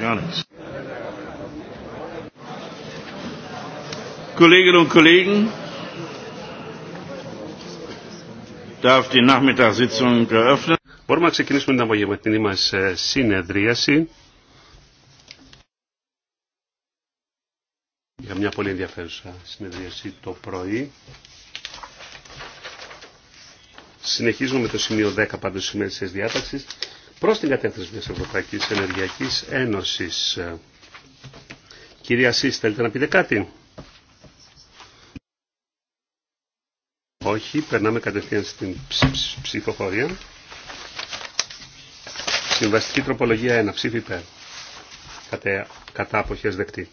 Brasilianers. Kolleginnen und Kollegen, darf die Nachmittagssitzung eröffnen. Μπορούμε να ξεκινήσουμε την απογευματινή μα ε, συνεδρίαση για μια πολύ ενδιαφέρουσα συνεδρίαση το πρωί. Συνεχίζουμε με το σημείο 10 πάντως της διάταξης προς την κατεύθυνση της Ευρωπαϊκής Ενεργειακής Ένωσης. Ε, κυρία Σεις, θέλετε να πείτε κάτι. Όχι, περνάμε κατευθείαν στην ψηφοφορία. Συμβαστική τροπολογία 1, ψήφι υπέρ. Κατά, κατά αποχές δεκτή.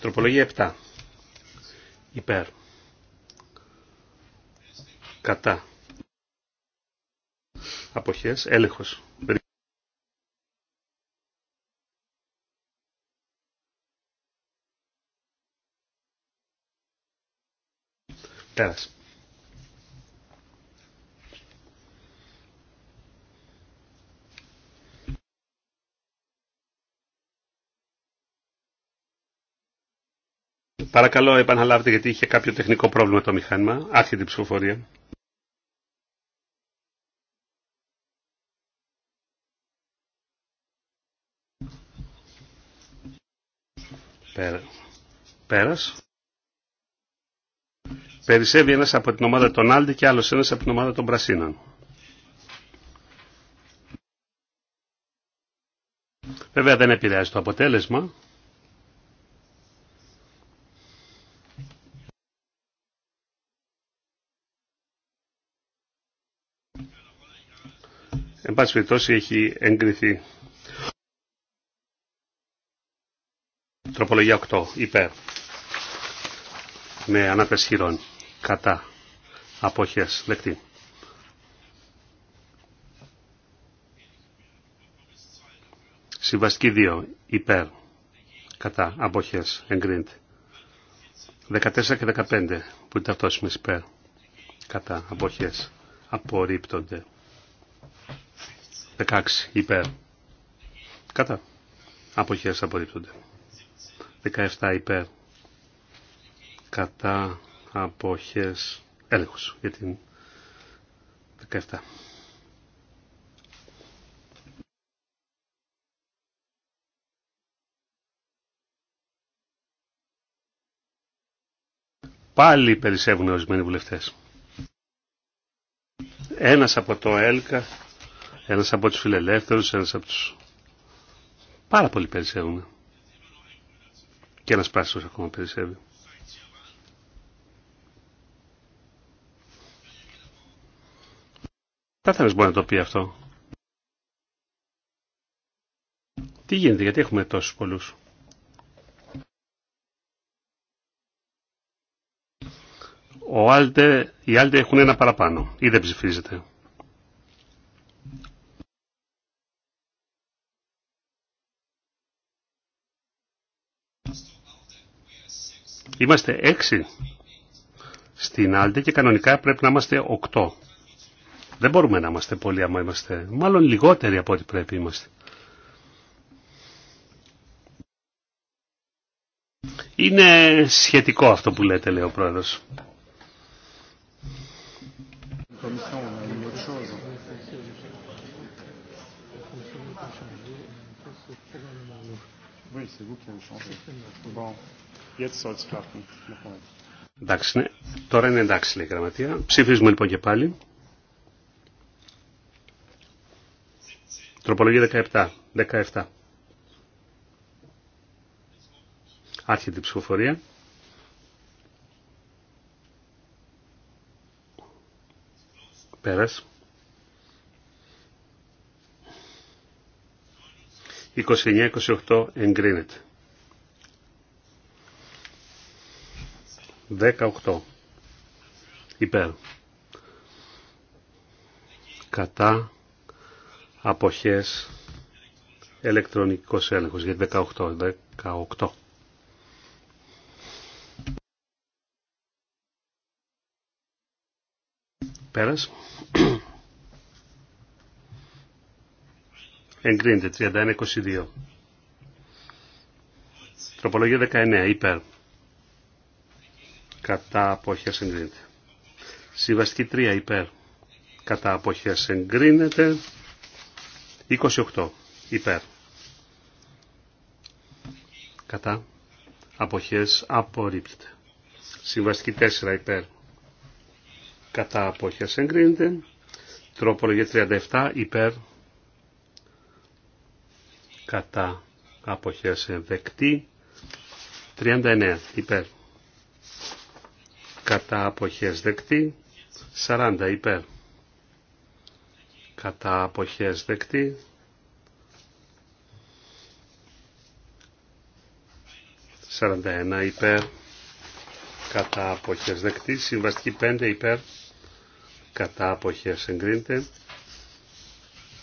τροπολογία 7. Υπέρ. Κατά αποχές, έλεγχος. Πέρασε. Παρακαλώ επαναλάβετε γιατί είχε κάποιο τεχνικό πρόβλημα το μηχάνημα. Άρχεται η ψηφοφορία. Πέρας. Περισσεύει ένας από την ομάδα των Άλντι και άλλος ένας από την ομάδα των Πρασίνων. Βέβαια δεν επηρεάζει το αποτέλεσμα. Εν πάση περιπτώσει έχει εγκριθεί. Τροπολογία 8. Υπέρ. Με ναι, ανάπτυξη χειρών. Κατά. Αποχές. Δεκτή. Συμβαστική 2. Υπέρ. Κατά. Αποχές. Εγκρίνεται. 14 και 15 που είναι ταυτόσιμες υπέρ. Κατά. Αποχές. Απορρίπτονται. 16 υπέρ. Κατά. Αποχές απορρίπτονται. 17 υπέρ κατά αποχές έλεγχος για την 17. Πάλι περισσεύουν ορισμένοι βουλευτές. Ένας από το ΕΛΚΑ, ένας από τους φιλελεύθερους, ένας από τους... Πάρα πολύ περισσεύουν. Και ένας πράσινος ακόμα περισσεύει. Κάθε μπορεί να το πει αυτό. Τι γίνεται, γιατί έχουμε τόσους πολλούς. Ο Άλτε, οι Άλτε έχουν ένα παραπάνω ή δεν ψηφίζεται. Είμαστε έξι στην Άλντε και κανονικά πρέπει να είμαστε οκτώ. Δεν μπορούμε να είμαστε πολλοί άμα είμαστε, μάλλον λιγότεροι από ό,τι πρέπει είμαστε. Είναι σχετικό αυτό που λέτε, λέει ο πρόεδρος. Jetzt soll's klappen. Εντάξει, ναι. Τώρα είναι εντάξει, λέει η γραμματεία. Ψηφίζουμε λοιπόν και πάλι. Τροπολογία 17. 17. Άρχεται η ψηφοφορία. Πέρας. 29-28 εγκρίνεται. 18 υπέρ κατά αποχές ηλεκτρονικός έλεγχος για 18 18 πέρας εγκρίνεται 31-22 τροπολογία 19 υπέρ κατά αποχές εγκρίνεται. Συμβαστική 3 υπέρ κατά αποχές εγκρίνεται. 28 υπέρ κατά αποχές απορρίπτεται. Συμβαστική 4 υπέρ κατά αποχές εγκρίνεται. Τρόπολογια 37 υπέρ κατά αποχές δεκτή. 39 υπέρ κατά αποχές δεκτή 40 υπέρ κατά αποχές δεκτή 41 υπέρ κατά αποχές δεκτή συμβαστική 5 υπέρ κατά αποχές εγκρίνεται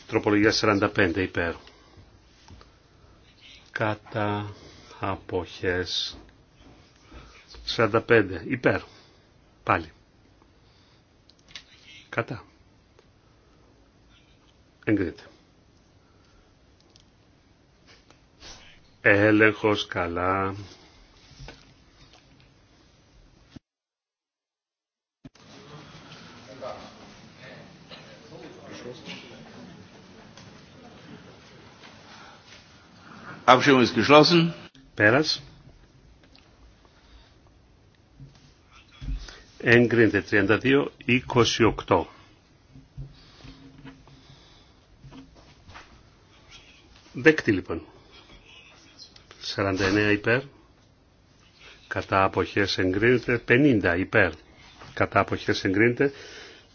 τροπολογία 45 υπέρ κατά αποχές 45 υπέρ Πάλι. Κατά. Εγκρίνεται. Έλεγχος καλά. Abstimmung ist geschlossen. Πέρας. εγκρίνεται 32, 28. Δέκτη λοιπόν. 49 υπέρ. Κατά αποχές εγκρίνεται. 50 υπέρ. Κατά αποχές εγκρίνεται.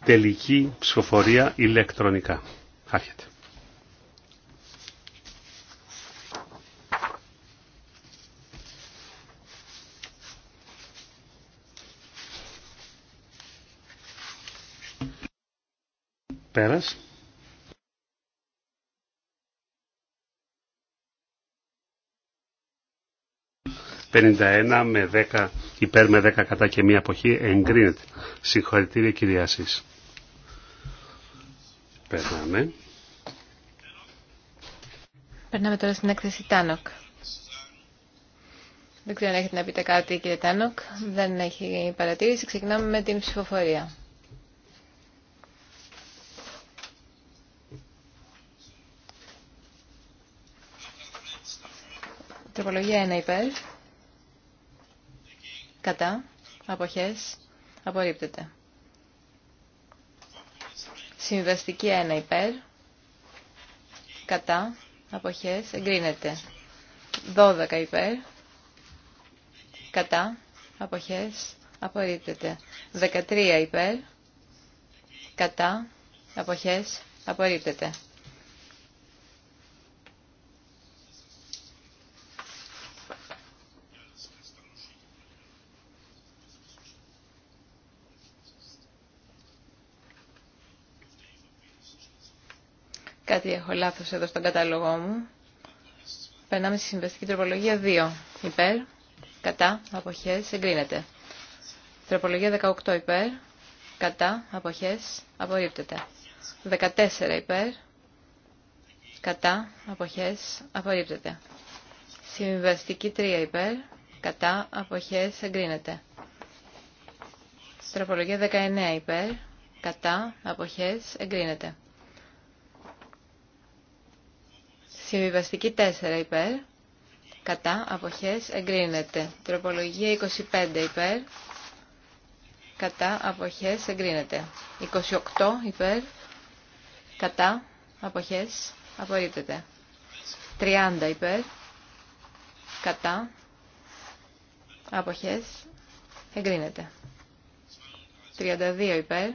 Τελική ψηφοφορία ηλεκτρονικά. Άρχεται. 51 με 10 υπέρ με 10 κατά και μία αποχή εγκρίνεται. Συγχωρητήρια κυρία Ασής. Περνάμε. Περνάμε τώρα στην έκθεση Τάνοκ. Δεν ξέρω αν έχετε να πείτε κάτι κύριε Τάνοκ. Δεν έχει παρατήρηση. Ξεκινάμε με την ψηφοφορία. Τροπολογία 1 υπέρ. Κατά. Αποχές. Απορρίπτεται. Συμβαστική 1 υπέρ. Κατά. Αποχές. Εγκρίνεται. 12 υπέρ. Κατά. Αποχές. Απορρίπτεται. 13 υπέρ. Κατά. Αποχές. Απορρίπτεται. Κάτι έχω λάθος εδώ στον κατάλογό μου. Περνάμε στη συμβαστική τροπολογία 2. Υπέρ, κατά, αποχές, εγκρίνεται. Τροπολογία 18 υπέρ, κατά, αποχές, απορρίπτεται. 14 υπέρ, κατά, αποχές, απορρίπτεται. Συμβαστική 3 υπέρ, κατά, αποχές, εγκρίνεται. Τροπολογία 19 υπέρ, κατά, αποχές, εγκρίνεται. Συμβιβαστική 4 υπέρ. Κατά αποχές εγκρίνεται. Τροπολογία 25 υπέρ. Κατά αποχές εγκρίνεται. 28 υπέρ. Κατά αποχές απορρίπτεται. 30 υπέρ. Κατά αποχές εγκρίνεται. 32 υπέρ.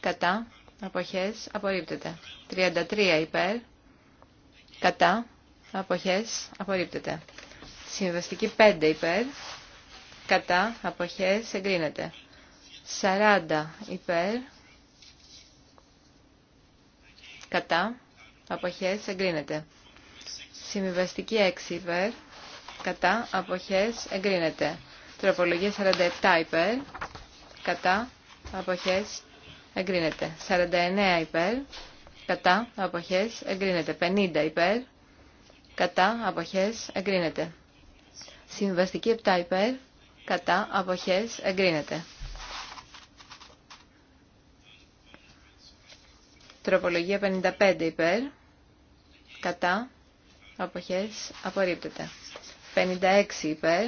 Κατά αποχές απορρίπτεται. 33 υπέρ κατά, αποχές, απορρίπτεται. Συμβαστική 5 υπέρ, κατά, αποχές, εγκρίνεται. 40 υπέρ, κατά, αποχές, εγκρίνεται. Συμβαστική 6 υπέρ, κατά, αποχές, εγκρίνεται. Τροπολογία 47 υπέρ, κατά, αποχές, εγκρίνεται. 49 υπέρ, κατά αποχές εγκρίνεται. 50 υπέρ κατά αποχές εγκρίνεται. Συμβαστική 7 υπέρ κατά αποχές εγκρίνεται. Τροπολογία 55 υπέρ κατά αποχές απορρίπτεται. 56 υπέρ.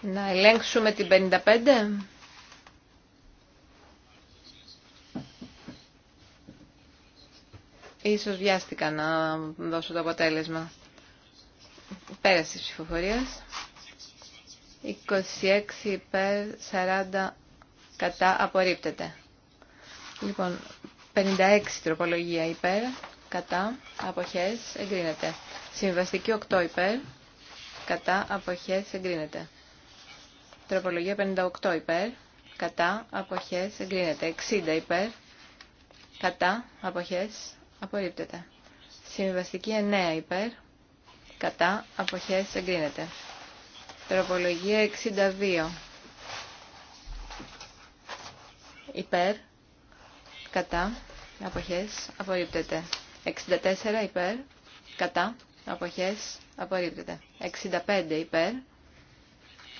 Να ελέγξουμε την 55. Ίσως βιάστηκα να δώσω το αποτέλεσμα. Πέραση της ψηφοφορία. 26 υπέρ 40 κατά απορρίπτεται. Λοιπόν, 56 τροπολογία υπέρ, κατά, αποχές, εγκρίνεται. Συμβαστική 8 υπέρ, κατά, αποχές, εγκρίνεται. Τροπολογία 58 υπέρ, κατά, αποχές, εγκρίνεται. 60 υπέρ, κατά, αποχές, απορρίπτεται. Συμβιβαστική 9 υπέρ, κατά, αποχές, εγκρίνεται. Τροπολογία 62 υπέρ, κατά, αποχές, απορρίπτεται. 64 υπέρ, κατά, αποχές, απορρίπτεται. 65 υπέρ,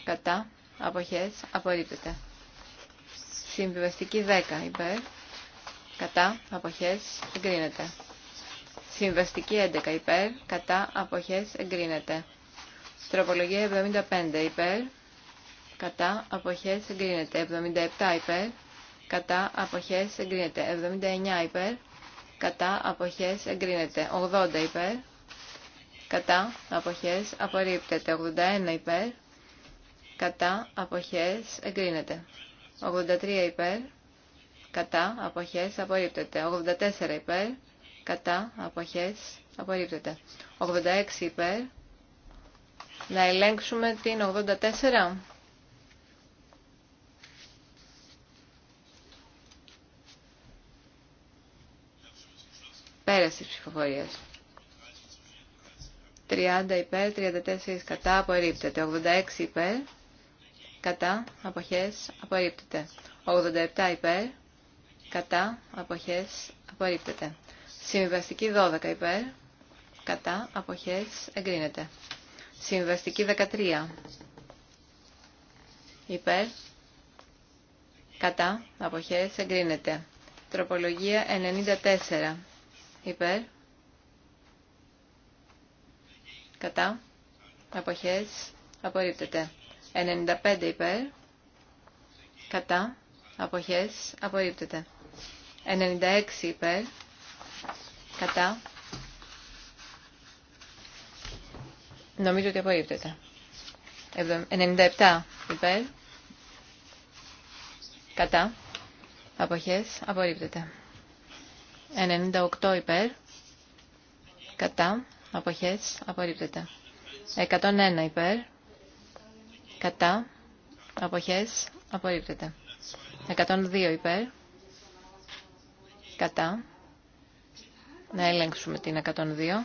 κατά, αποχές, απορρίπτεται. Συμβιβαστική 10 υπέρ, κατά αποχές εγκρίνεται. Συμβαστική 11 υπέρ, κατά αποχές εγκρίνεται. Τροπολογία 75 υπέρ, κατά αποχές εγκρίνεται. 77 υπέρ, κατά αποχές εγκρίνεται. 79 υπέρ, κατά αποχές εγκρίνεται. 80 υπέρ, κατά αποχές απορρίπτεται. 81 υπέρ, κατά αποχές εγκρίνεται. 83 υπέρ, κατά, αποχές, απορρίπτεται. 84 υπέρ, κατά, αποχές, απορρίπτεται. 86 υπέρ, να ελέγξουμε την 84. Πέραση ψηφοφορία. 30 υπέρ, 34 κατά, απορρίπτεται. 86 υπέρ, κατά, αποχές, απορρίπτεται. 87 υπέρ, κατά, αποχές, απορρίπτεται. Συμβιβαστική 12 υπέρ, κατά, αποχές, εγκρίνεται. Συμβιβαστική 13 υπέρ, κατά, αποχές, εγκρίνεται. Τροπολογία 94 υπέρ, κατά, αποχές, απορρίπτεται. 95 υπέρ, κατά, αποχές, απορρίπτεται. 96 υπέρ. Κατά. Νομίζω ότι απορρίπτεται. 97 υπέρ. Κατά. Αποχές. Απορρίπτεται. 98 υπέρ. Κατά. Αποχές. Απορρίπτεται. 101 υπέρ. Κατά. Αποχές. Απορρίπτεται. 102 υπέρ κατά. Να ελέγξουμε την 102.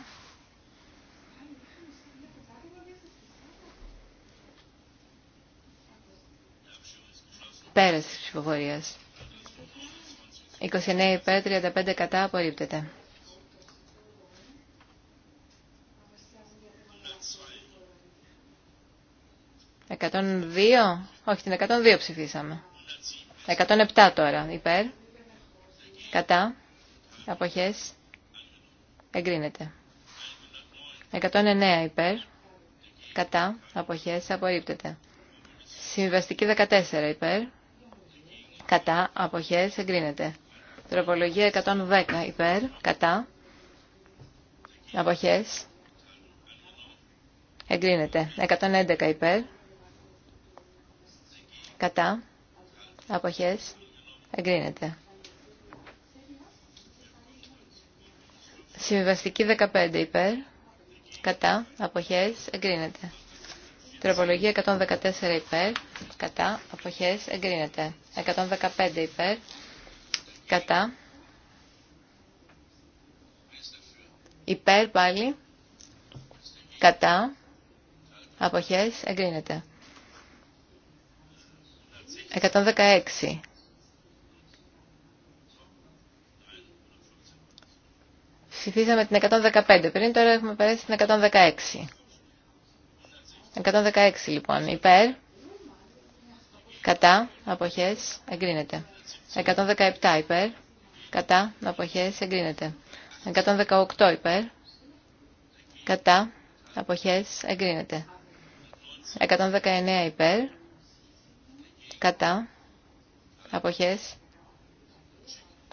Πέρας της ψηφοφορίας. 29 υπέρ, 35 κατά, απορρίπτεται. 102, όχι την 102 ψηφίσαμε. 107 τώρα, υπέρ. Κατά. Αποχές. Εγκρίνεται. 109 υπέρ. Κατά. Αποχές. Απορρίπτεται. Συμβαστική 14 υπέρ. Κατά. Αποχές. Εγκρίνεται. Τροπολογία 110 υπέρ. Κατά. Αποχές. Εγκρίνεται. 111 υπέρ. Κατά. Αποχές. Εγκρίνεται. Συμβιβαστική 15 υπέρ. Κατά. Αποχές. Εγκρίνεται. Τροπολογία 114 υπέρ. Κατά. Αποχές. Εγκρίνεται. 115 υπέρ. Κατά. Υπέρ πάλι. Κατά. Αποχές. Εγκρίνεται. 116 Ψηφίσαμε την 115 πριν, τώρα έχουμε περάσει την 116. 116 λοιπόν, υπέρ, κατά, αποχές, εγκρίνεται. 117 υπέρ, κατά, αποχές, εγκρίνεται. 118 υπέρ, κατά, αποχές, εγκρίνεται. 119 υπέρ, κατά, αποχές,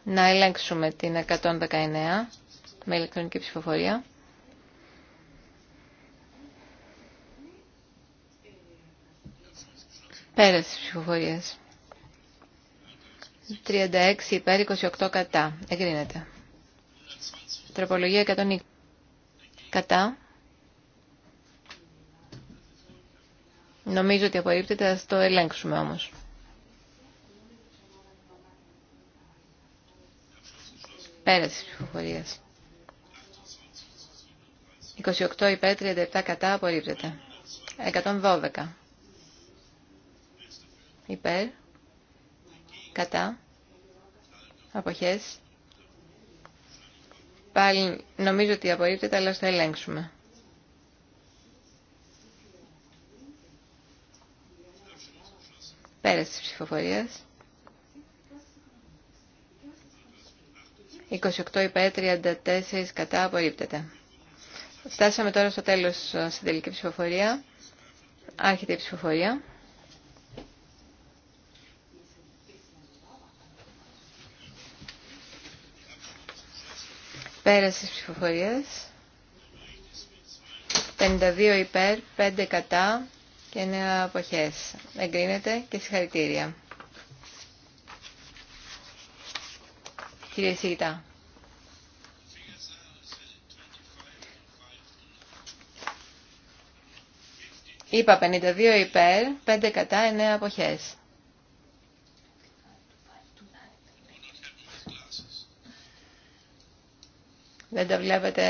να ελέγξουμε την 119 με ηλεκτρονική ψηφοφορία. Πέρασε ψηφοφορία. 36 υπέρ 28 κατά. Εγκρίνεται. Τροπολογία 120. Κατά. Νομίζω ότι απορρίπτεται, ας το ελέγξουμε όμως. Πέρασε της ψηφοφορία. 28 υπέρ, 37 κατά, απορρίπτεται. 112 υπέρ, κατά, αποχές. Πάλι νομίζω ότι απορρίπτεται, αλλά θα ελέγξουμε. Πέρασε της ψηφοφορίας. 28 υπέρ, 34 κατά, απορρίπτεται. Φτάσαμε τώρα στο τέλος ε, στην τελική ψηφοφορία. Άρχεται η ψηφοφορία. Πέραση της ψηφοφορίας. 52 υπέρ, 5 κατά και 9 αποχές. Εγκρίνεται και συγχαρητήρια. Κύριε Σιγητά. Είπα 52 υπέρ, 5 κατά, 9 αποχές. Δεν τα βλέπετε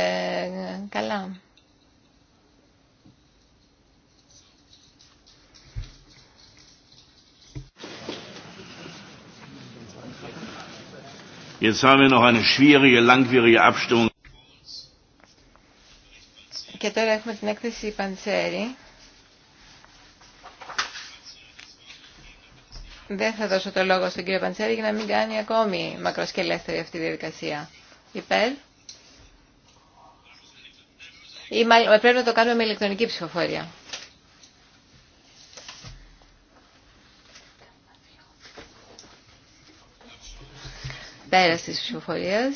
καλά. Jetzt haben wir noch eine schwierige, langwierige Abstimmung. Και τώρα έχουμε την έκθεση Παντσέρη. Δεν θα δώσω το λόγο στον κύριο Παντσέρη για να μην κάνει ακόμη μακροσκελέστερη αυτή τη διαδικασία. Υπέρ. Ή ε, πρέπει να το κάνουμε με ηλεκτρονική ψηφοφορία. Πέρα τη ψηφοφορία.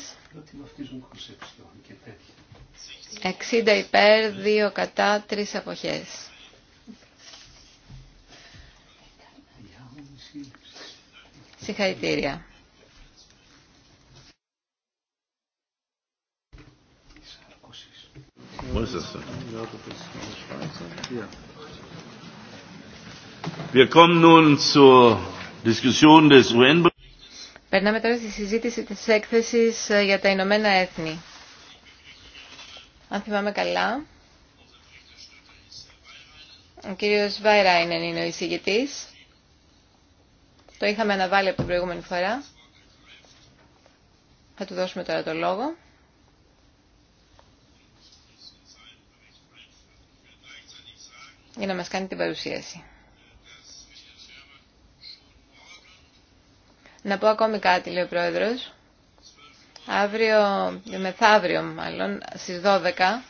60 υπέρ, 2 κατά, 3 αποχές. Συγχαρητήρια. Περνάμε τώρα στη συζήτηση της έκθεσης ε, για τα Ηνωμένα Έθνη. Αν θυμάμαι καλά, ο κύριος Βαϊράινεν είναι ο εισηγητής. Το είχαμε αναβάλει από την προηγούμενη φορά. Θα του δώσουμε τώρα το λόγο. για να μας κάνει την παρουσίαση. Να πω ακόμη κάτι, λέει ο Πρόεδρος. Αύριο, μεθαύριο μάλλον, στις 12,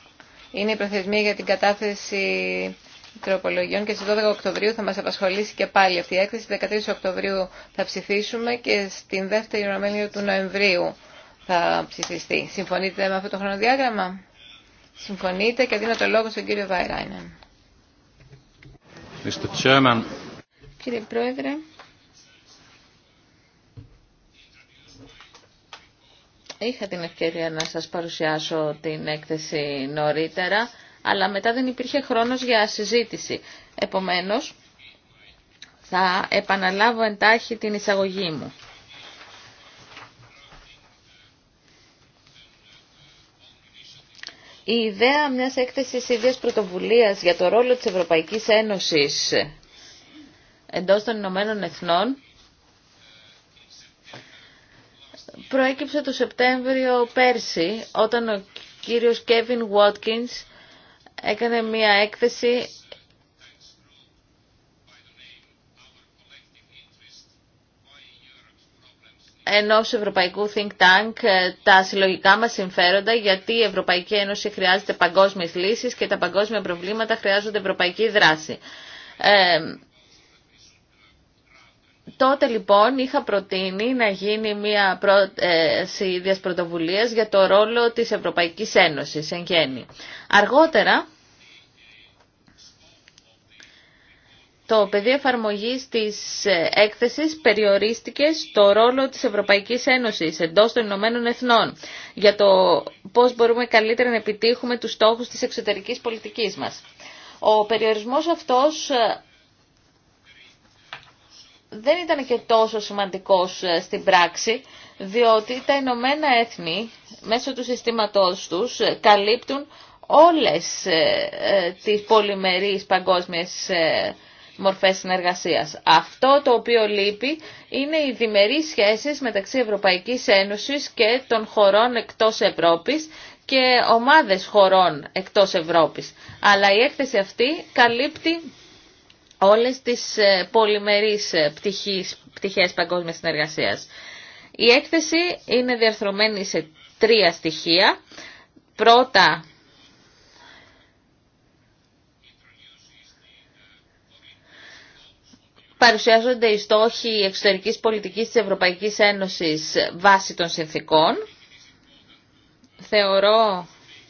είναι η προθεσμία για την κατάθεση τροπολογιών και στις 12 Οκτωβρίου θα μας απασχολήσει και πάλι αυτή η έκθεση. 13 Οκτωβρίου θα ψηφίσουμε και στην δεύτερη Ρωμέλεια του Νοεμβρίου θα ψηφιστεί. Συμφωνείτε με αυτό το χρονοδιάγραμμα? Συμφωνείτε και δίνω το λόγο στον κύριο Βαϊράινεν. Κύριε Πρόεδρε, είχα την ευκαιρία να σας παρουσιάσω την έκθεση νωρίτερα αλλά μετά δεν υπήρχε χρόνος για συζήτηση. Επομένως, θα επαναλάβω εντάχει την εισαγωγή μου. Η ιδέα μιας έκθεσης ίδιας πρωτοβουλίας για το ρόλο της Ευρωπαϊκής Ένωσης εντός των Ηνωμένων Εθνών προέκυψε το Σεπτέμβριο πέρσι όταν ο κύριος Κέβιν Βότκινς έκανε μία έκθεση ενός ευρωπαϊκού think tank ε, τα συλλογικά μας συμφέροντα γιατί η Ευρωπαϊκή Ένωση χρειάζεται παγκόσμιες λύσεις και τα παγκόσμια προβλήματα χρειάζονται ευρωπαϊκή δράση. Ε, Τότε λοιπόν είχα προτείνει να γίνει μια ίδιας πρωτοβουλία για το ρόλο της Ευρωπαϊκής Ένωσης εν γέννη. Αργότερα το πεδίο εφαρμογής της έκθεσης περιορίστηκε στο ρόλο της Ευρωπαϊκής Ένωσης εντός των Ηνωμένων Εθνών για το πώς μπορούμε καλύτερα να επιτύχουμε τους στόχους της εξωτερικής πολιτικής μας. Ο περιορισμός αυτός δεν ήταν και τόσο σημαντικός ε, στην πράξη, διότι τα Ηνωμένα Έθνη μέσω του συστήματός τους ε, καλύπτουν όλες ε, τις πολυμερείς παγκόσμιες μορφές συνεργασίας. Αυτό το οποίο λείπει είναι οι διμερείς σχέσεις μεταξύ Ευρωπαϊκής Ένωσης και των χωρών εκτός Ευρώπης και ομάδες χωρών εκτός Ευρώπης. Αλλά η έκθεση αυτή καλύπτει όλες τις ε, πολυμερείς ε, πτυχές παγκόσμιας συνεργασίας. Η έκθεση είναι διαρθρωμένη σε τρία στοιχεία. Πρώτα, παρουσιάζονται οι στόχοι εξωτερικής πολιτικής της Ευρωπαϊκής Ένωσης βάσει των συνθήκων. Θεωρώ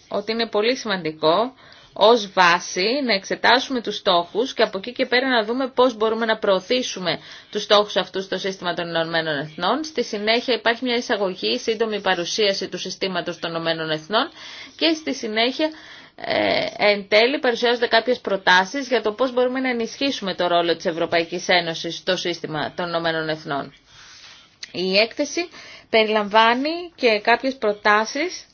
ότι είναι πολύ σημαντικό ως βάση να εξετάσουμε τους στόχους και από εκεί και πέρα να δούμε πώς μπορούμε να προωθήσουμε τους στόχους αυτούς στο σύστημα των Ηνωμένων Εθνών. Στη συνέχεια υπάρχει μια εισαγωγή, σύντομη παρουσίαση του συστήματος των Ηνωμένων Εθνών και στη συνέχεια ε, εν τέλει παρουσιάζονται κάποιες προτάσεις για το πώς μπορούμε να ενισχύσουμε το ρόλο της Ευρωπαϊκής Ένωσης στο σύστημα των Ηνωμένων Εθνών. Η έκθεση περιλαμβάνει και κάποιες προτάσεις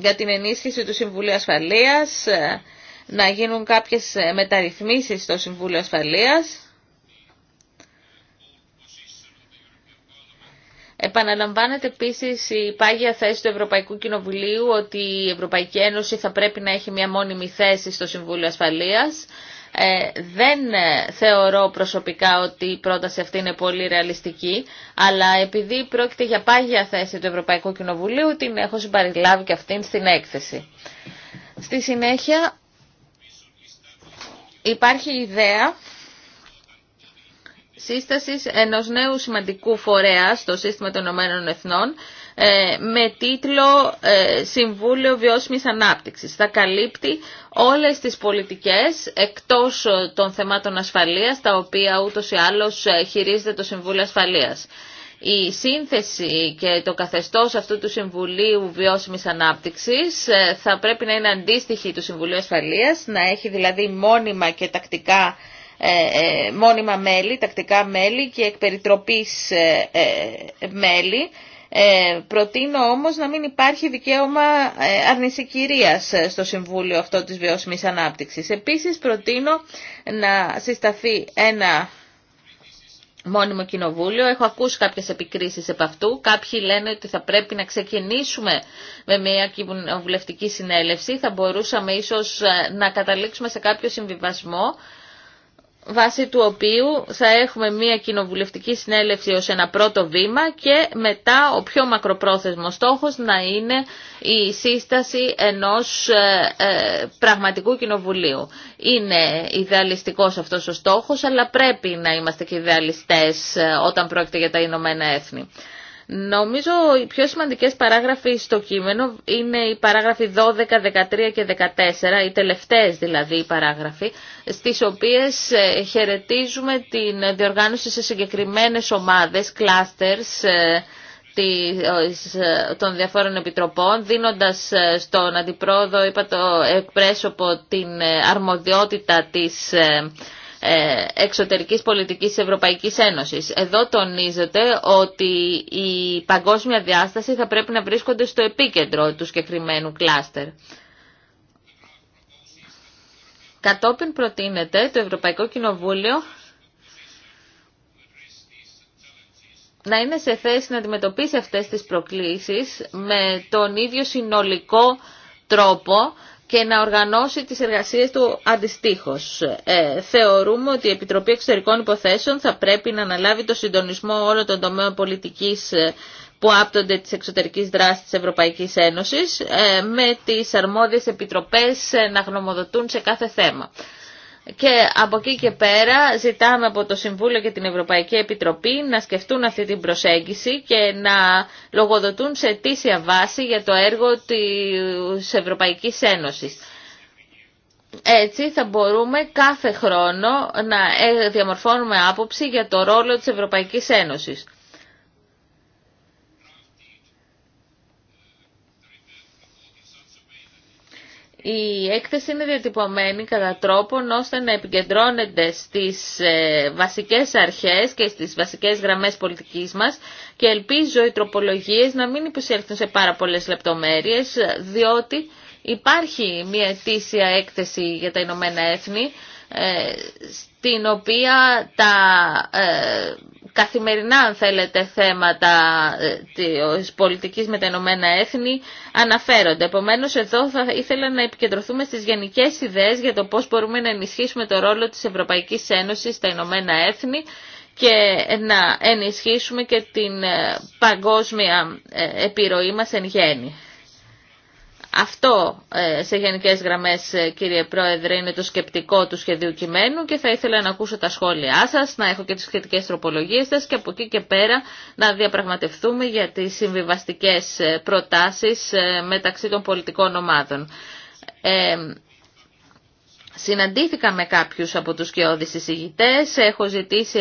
για την ενίσχυση του Συμβουλίου Ασφαλείας, ε, να γίνουν κάποιες ε, μεταρρυθμίσεις στο Συμβούλιο Ασφαλείας. Επαναλαμβάνεται επίση η πάγια θέση του Ευρωπαϊκού Κοινοβουλίου ότι η Ευρωπαϊκή Ένωση θα πρέπει να έχει μια μόνιμη θέση στο Συμβούλιο Ασφαλείας. Ε, δεν ε, θεωρώ προσωπικά ότι η πρόταση αυτή είναι πολύ ρεαλιστική, αλλά επειδή πρόκειται για πάγια θέση του Ευρωπαϊκού Κοινοβουλίου, την έχω συμπαριλάβει και αυτήν στην έκθεση. Στη συνέχεια υπάρχει ιδέα σύστασης ενός νέου σημαντικού φορέα στο σύστημα των Ηνωμένων Εθνών ε, με τίτλο ε, Συμβούλιο Βιώσιμης Ανάπτυξης. Θα καλύπτει όλες τις πολιτικές εκτός ε, των θεμάτων ασφαλείας, τα οποία ούτως ή άλλως χειρίζεται το Συμβούλιο Ασφαλείας. Η σύνθεση και το καθεστώς αυτού του Συμβουλίου Βιώσιμης Ανάπτυξης θα πρέπει να είναι αντίστοιχη του Συμβουλίου Ασφαλείας, να έχει δηλαδή μόνιμα και τακτικά μόνιμα μέλη, τακτικά μέλη και εκπεριτροπής μέλη ε, προτείνω όμως να μην υπάρχει δικαίωμα ε, αρνησικυρίας στο Συμβούλιο αυτό της βιώσιμης ανάπτυξης. Επίσης προτείνω να συσταθεί ένα μόνιμο κοινοβούλιο. Έχω ακούσει κάποιες επικρίσεις επ' αυτού. Κάποιοι λένε ότι θα πρέπει να ξεκινήσουμε με μια κοινοβουλευτική συνέλευση. Θα μπορούσαμε ίσως ε, να καταλήξουμε σε κάποιο συμβιβασμό βάσει του οποίου θα έχουμε μια κοινοβουλευτική συνέλευση ως ένα πρώτο βήμα και μετά ο πιο μακροπρόθεσμος στόχος να είναι η σύσταση ενός ε, ε, πραγματικού κοινοβουλίου. Είναι ιδεαλιστικός αυτός ο στόχος, αλλά πρέπει να είμαστε και ιδεαλιστές ε, όταν πρόκειται για τα Ηνωμένα Έθνη. Νομίζω οι πιο σημαντικές παράγραφοι στο κείμενο είναι οι παράγραφοι 12, 13 και 14, οι τελευταίες δηλαδή οι παράγραφοι, στις οποίες ε, χαιρετίζουμε την διοργάνωση σε συγκεκριμένες ομάδες, κλάστερς, ε, ε, των διαφόρων επιτροπών, δίνοντας στον αντιπρόοδο, είπα το εκπρέσωπο, την αρμοδιότητα της ε, εξωτερικής πολιτικής της Ευρωπαϊκής Ένωσης. Εδώ τονίζεται ότι η παγκόσμια διάσταση θα πρέπει να βρίσκονται στο επίκεντρο του συγκεκριμένου κλάστερ. Κατόπιν προτείνεται το Ευρωπαϊκό Κοινοβούλιο να είναι σε θέση να αντιμετωπίσει αυτές τις προκλήσεις με τον ίδιο συνολικό τρόπο και να οργανώσει τις εργασίες του αντιστοίχως. Ε, θεωρούμε ότι η Επιτροπή Εξωτερικών Υποθέσεων θα πρέπει να αναλάβει το συντονισμό όλων των τομέων πολιτικής ε, που άπτονται της εξωτερικής δράσης της Ευρωπαϊκής Ένωσης ε, με τις αρμόδιες επιτροπές να γνωμοδοτούν σε κάθε θέμα και από εκεί και πέρα ζητάμε από το Συμβούλιο και την Ευρωπαϊκή Επιτροπή να σκεφτούν αυτή την προσέγγιση και να λογοδοτούν σε αιτήσια βάση για το έργο της Ευρωπαϊκής Ένωσης. Έτσι θα μπορούμε κάθε χρόνο να διαμορφώνουμε άποψη για το ρόλο της Ευρωπαϊκής Ένωσης. Η έκθεση είναι διατυπωμένη κατά τρόπον ώστε να επικεντρώνεται στις ε, βασικές αρχές και στις βασικές γραμμές πολιτικής μας και ελπίζω οι τροπολογίες να μην υποσέλθουν σε πάρα πολλές λεπτομέρειες διότι υπάρχει μια ετήσια έκθεση για τα Ηνωμένα Έθνη ε, στην οποία τα ε, καθημερινά αν θέλετε θέματα ε, της πολιτικής με τα Ηνωμένα Έθνη αναφέρονται. Επομένως εδώ θα ήθελα να επικεντρωθούμε στις γενικές ιδέες για το πώς μπορούμε να ενισχύσουμε το ρόλο της Ευρωπαϊκής Ένωσης στα Ηνωμένα Έθνη και να ενισχύσουμε και την παγκόσμια επιρροή μας εν γέννη. Αυτό ε, σε γενικές γραμμές ε, κύριε Πρόεδρε είναι το σκεπτικό του σχεδίου κειμένου και θα ήθελα να ακούσω τα σχόλιά σας, να έχω και τις σχετικές τροπολογίες σας και από εκεί και πέρα να διαπραγματευτούμε για τις συμβιβαστικές ε, προτάσεις μεταξύ των πολιτικών ομάδων. Συναντήθηκα με κάποιους από τους κοιόδης εισηγητές, έχω ζητήσει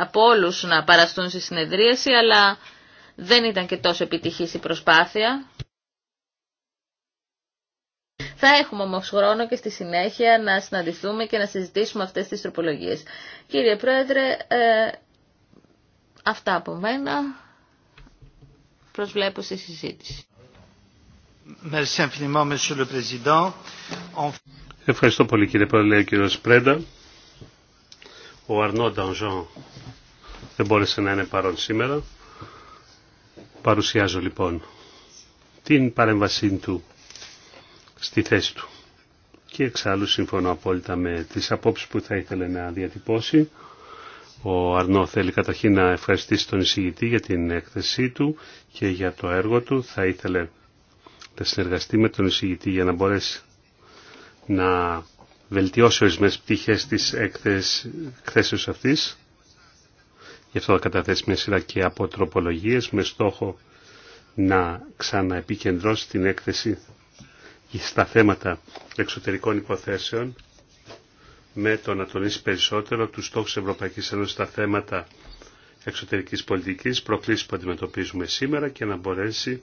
από όλους να παραστούν στη συνεδρίαση, αλλά δεν ήταν και τόσο επιτυχής η προσπάθεια. Θα έχουμε όμω χρόνο και στη συνέχεια να συναντηθούμε και να συζητήσουμε αυτές τις τροπολογίες. Κύριε Πρόεδρε, ε, αυτά από μένα. Προσβλέπω στη συζήτηση. Ευχαριστώ πολύ κύριε Πρόεδρε, κύριο Σπρέντα. Ο Αρνό Ντανζόν δεν μπόρεσε να είναι παρόν σήμερα. Παρουσιάζω λοιπόν την παρέμβασή του στη θέση του. Και εξάλλου συμφωνώ απόλυτα με τις απόψεις που θα ήθελε να διατυπώσει. Ο Αρνό θέλει καταρχήν να ευχαριστήσει τον εισηγητή για την έκθεσή του και για το έργο του. Θα ήθελε να συνεργαστεί με τον εισηγητή για να μπορέσει να βελτιώσει ορισμένες πτυχές της εκθέσεως αυτής. Γι' αυτό θα καταθέσει μια σειρά και από τροπολογίες με στόχο να ξαναεπικεντρώσει την έκθεση στα θέματα εξωτερικών υποθέσεων με το να τονίσει περισσότερο τους στόχους Ευρωπαϊκής Ένωσης στα θέματα εξωτερικής πολιτικής, προκλήσεις που αντιμετωπίζουμε σήμερα και να μπορέσει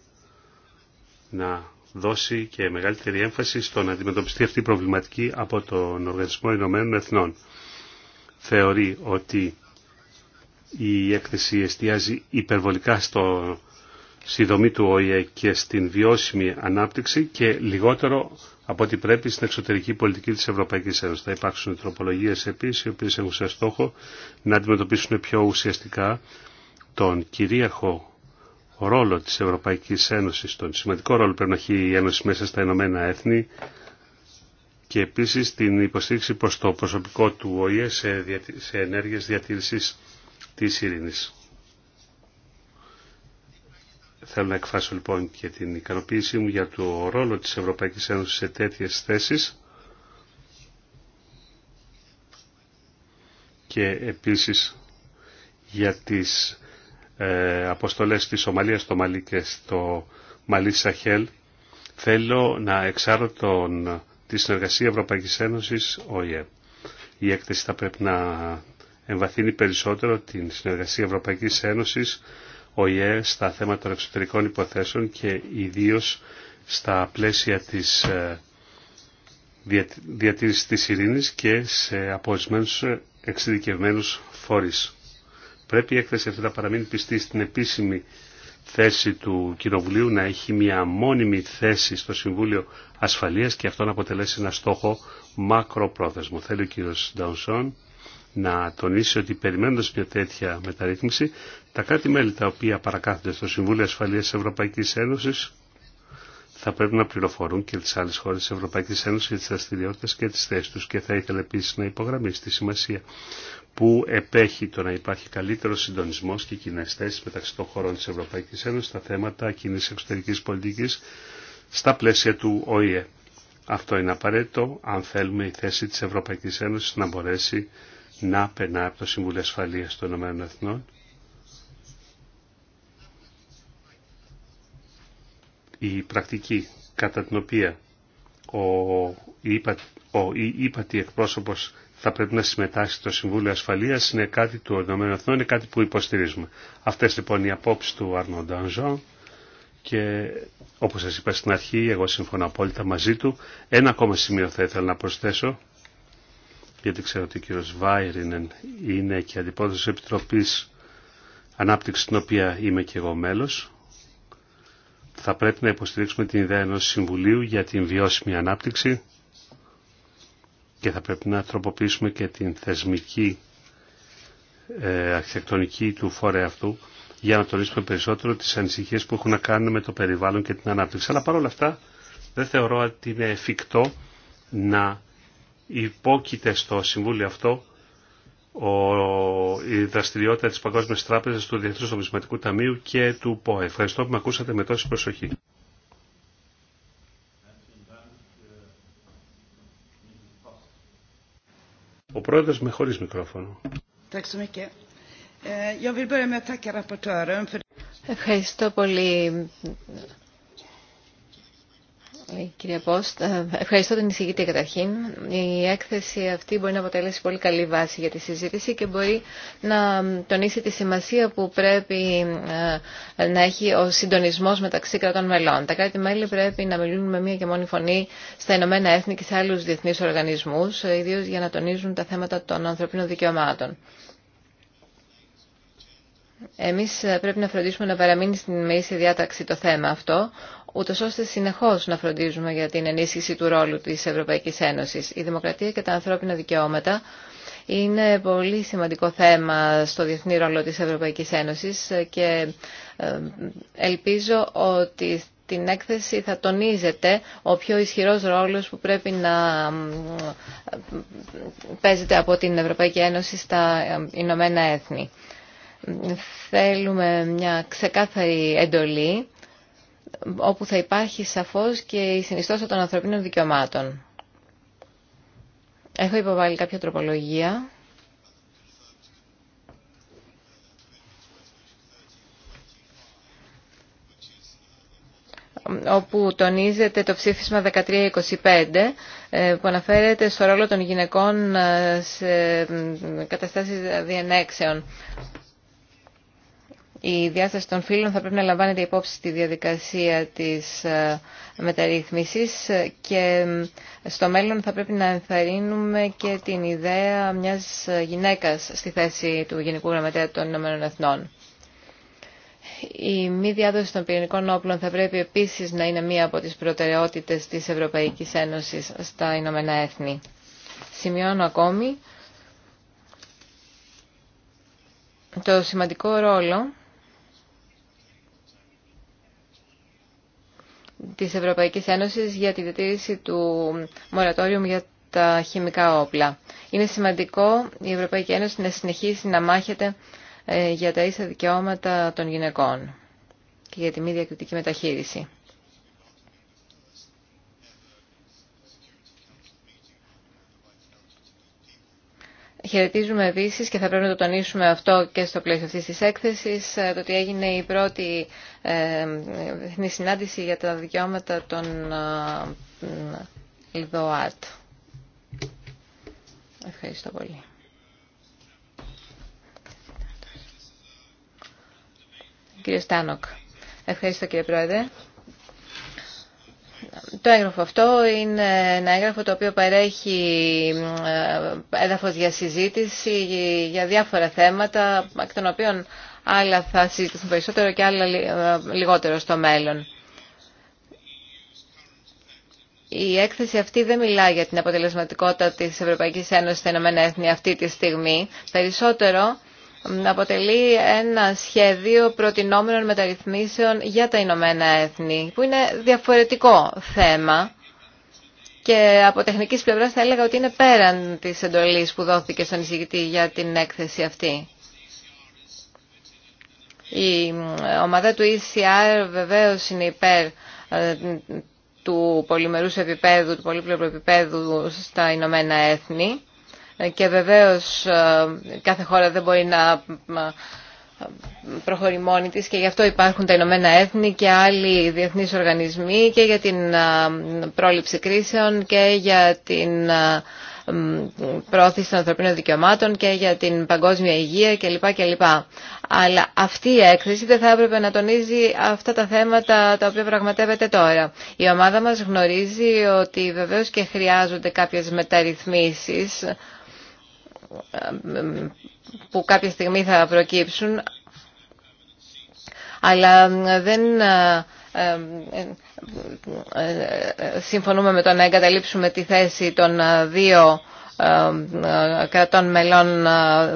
να δώσει και μεγαλύτερη έμφαση στο να αντιμετωπιστεί αυτή η προβληματική από τον Οργανισμό Ηνωμένων Εθνών. Θεωρεί ότι η έκθεση εστιάζει υπερβολικά στο στη δομή του ΟΗΕ και στην βιώσιμη ανάπτυξη και λιγότερο από ό,τι πρέπει στην εξωτερική πολιτική της Ευρωπαϊκής Ένωσης. Θα υπάρξουν τροπολογίες επίσης, οι οποίες έχουν σε στόχο να αντιμετωπίσουν πιο ουσιαστικά τον κυρίαρχο ρόλο της Ευρωπαϊκής Ένωσης, τον σημαντικό ρόλο που πρέπει να έχει η Ένωση μέσα στα Ηνωμένα Έθνη και επίσης την υποστήριξη προς το προσωπικό του ΟΗΕ σε ενέργειες διατήρησης της ειρήνης. Θέλω να εκφράσω λοιπόν και την ικανοποίησή μου για το ρόλο της Ευρωπαϊκής Ένωσης σε τέτοιες θέσεις και επίσης για τις ε, αποστολές της Ομαλίας στο Μαλί και στο Μαλί Σαχέλ. Θέλω να εξάρω τον, τη συνεργασία Ευρωπαϊκής Ένωσης ΟΗΕ. Η έκθεση θα πρέπει να εμβαθύνει περισσότερο την συνεργασία Ευρωπαϊκής Ένωσης ΟΗΕ στα θέματα των εξωτερικών υποθέσεων και ιδίως στα πλαίσια της ε, διατήρησης της ειρήνης και σε αποσμένους εξειδικευμένους φόρεις. Πρέπει η έκθεση αυτή να παραμείνει πιστή στην επίσημη θέση του Κοινοβουλίου να έχει μια μόνιμη θέση στο Συμβούλιο Ασφαλείας και αυτό να αποτελέσει ένα στόχο μακροπρόθεσμο. Θέλει ο κύριος Ντανσόν να τονίσει ότι περιμένοντα μια τέτοια μεταρρύθμιση, τα κράτη-μέλη τα οποία παρακάθονται στο Συμβούλιο ασφαλεία τη Ευρωπαϊκής Ένωσης θα πρέπει να πληροφορούν και τι άλλε χώρε τη Ευρωπαϊκή Ένωση για τι δραστηριότητε και τι θέσει του. και θα ήθελα επίση να υπογραμμίσει τη σημασία που επέχει το να υπάρχει καλύτερο συντονισμό και κοινέ θέσει μεταξύ των χωρών τη Ευρωπαϊκή Ένωση στα θέματα κοινή εξωτερική πολιτική στα πλαίσια του ΟΗΕ. Αυτό είναι απαραίτητο αν θέλουμε η θέση της Ευρωπαϊκής Ένωσης να μπορέσει να περνά από το Συμβούλιο Ασφαλείας των Ηνωμένων Εθνών. Η πρακτική κατά την οποία ο, η ύπατη εκπρόσωπος θα πρέπει να συμμετάσχει στο Συμβούλιο Ασφαλείας είναι κάτι του Ηνωμένων Εθνών, είναι κάτι που υποστηρίζουμε. Αυτές λοιπόν οι απόψεις του Αρνοντανζόν και όπως σας είπα στην αρχή, εγώ συμφωνώ απόλυτα μαζί του. Ένα ακόμα σημείο θα ήθελα να προσθέσω γιατί ξέρω ότι ο κύριος Βάιρινεν είναι και αντιπρόεδρος της Επιτροπής Ανάπτυξης, στην οποία είμαι και εγώ μέλος, θα πρέπει να υποστηρίξουμε την ιδέα ενός Συμβουλίου για την βιώσιμη ανάπτυξη και θα πρέπει να τροποποιήσουμε και την θεσμική ε, αρχιτεκτονική του φορέα αυτού για να τονίσουμε περισσότερο τις ανησυχίες που έχουν να κάνουν με το περιβάλλον και την ανάπτυξη. Αλλά παρόλα αυτά δεν θεωρώ ότι είναι εφικτό να υπόκειται στο Συμβούλιο αυτό ο, η δραστηριότητα της Παγκόσμιας Τράπεζας του Διεθνούς Νομισματικού Ταμείου και του ΠΟΕ. Ευχαριστώ που με ακούσατε με τόση προσοχή. Ο πρόεδρος με χωρίς μικρόφωνο. Ε, Ευχαριστώ πολύ Κύριε Πόστ, ε, ευχαριστώ την εισηγήτη καταρχήν. Η έκθεση αυτή μπορεί να αποτελέσει πολύ καλή βάση για τη συζήτηση και μπορεί να τονίσει τη σημασία που πρέπει ε, να έχει ο συντονισμό μεταξύ κρατών μελών. Τα κράτη-μέλη πρέπει να μιλούν με μία και μόνη φωνή στα Ηνωμένα Έθνη και σε άλλου διεθνεί οργανισμού, ε, ιδίω για να τονίζουν τα θέματα των ανθρωπίνων δικαιωμάτων. Εμείς πρέπει να φροντίσουμε να παραμείνει στην μείση διάταξη το θέμα αυτό, ούτω ώστε συνεχώ να φροντίζουμε για την ενίσχυση του ρόλου τη Ευρωπαϊκή Ένωση. Η δημοκρατία και τα ανθρώπινα δικαιώματα είναι πολύ σημαντικό θέμα στο διεθνή ρόλο της Ευρωπαϊκής Ένωσης και ε, ελπίζω ότι την έκθεση θα τονίζεται ο πιο ισχυρός ρόλος που πρέπει να παίζεται από την Ευρωπαϊκή Ένωση στα ε, Ηνωμένα Έθνη. Θέλουμε μια ξεκάθαρη εντολή όπου θα υπάρχει σαφώς και η συνιστόσα των ανθρωπίνων δικαιωμάτων. Έχω υποβάλει κάποια τροπολογία. όπου τονίζεται το ψήφισμα 1325 ε, που αναφέρεται στο ρόλο των γυναικών ε, σε καταστάσεις διενέξεων η διάσταση των φύλων θα πρέπει να λαμβάνεται υπόψη στη διαδικασία της ε, μεταρρύθμισης και στο μέλλον θα πρέπει να ενθαρρύνουμε και την ιδέα μιας γυναίκας στη θέση του Γενικού Γραμματέα των Ηνωμένων Εθνών. Η μη διάδοση των πυρηνικών όπλων θα πρέπει επίσης να είναι μία από τις προτεραιότητες της Ευρωπαϊκής Ένωσης στα Ηνωμένα Έθνη. Σημειώνω ακόμη το σημαντικό ρόλο της Ευρωπαϊκής Ένωσης για τη διατήρηση του μορατόριου για τα χημικά όπλα. Είναι σημαντικό η Ευρωπαϊκή Ένωση να συνεχίσει να μάχεται ε, για τα ίσα δικαιώματα των γυναικών και για τη μη διακριτική μεταχείριση. Χαιρετίζουμε επίση και θα πρέπει να το τονίσουμε αυτό και στο πλαίσιο αυτή της έκθεση. Ε, το ότι έγινε η πρώτη ε, συνάντηση για τα δικαιώματα των ε, ΛΔΟΑΤ. Ευχαριστώ πολύ. Κύριε Στάνοκ. Ευχαριστώ κύριε Πρόεδρε το έγγραφο αυτό είναι ένα έγγραφο το οποίο παρέχει ε, έδαφος για συζήτηση για διάφορα θέματα, εκ των οποίων άλλα θα συζητήσουν περισσότερο και άλλα ε, λιγότερο στο μέλλον. Η έκθεση αυτή δεν μιλά για την αποτελεσματικότητα της Ευρωπαϊκής Ένωσης στα Ηνωμένα Έθνη αυτή τη στιγμή. Περισσότερο αποτελεί ένα σχέδιο προτινόμενων μεταρρυθμίσεων για τα Ηνωμένα Έθνη, που είναι διαφορετικό θέμα και από τεχνικής πλευράς θα έλεγα ότι είναι πέραν τη εντολή που δόθηκε στον εισηγητή για την έκθεση αυτή. Η ομάδα του ECR βεβαίω είναι υπέρ ε, του πολυμερούς επίπεδου, του πολύπλευρου επίπεδου στα Ηνωμένα Έθνη και βεβαίως ε, κάθε χώρα δεν μπορεί να ε, προχωρεί μόνη της και γι' αυτό υπάρχουν τα Ηνωμένα Έθνη και άλλοι διεθνείς οργανισμοί και για την ε, πρόληψη κρίσεων και για την πρόθεση των ανθρωπίνων δικαιωμάτων και για την παγκόσμια υγεία κλπ. κλπ. Αλλά αυτή η έκθεση δεν θα έπρεπε να τονίζει αυτά τα θέματα τα οποία πραγματεύεται τώρα. Η ομάδα μας γνωρίζει ότι βεβαίως και χρειάζονται κάποιες μεταρρυθμίσεις που κάποια στιγμή θα προκύψουν, αλλά δεν ε, ε, ε, συμφωνούμε με το να εγκαταλείψουμε τη θέση των δύο κρατών μελών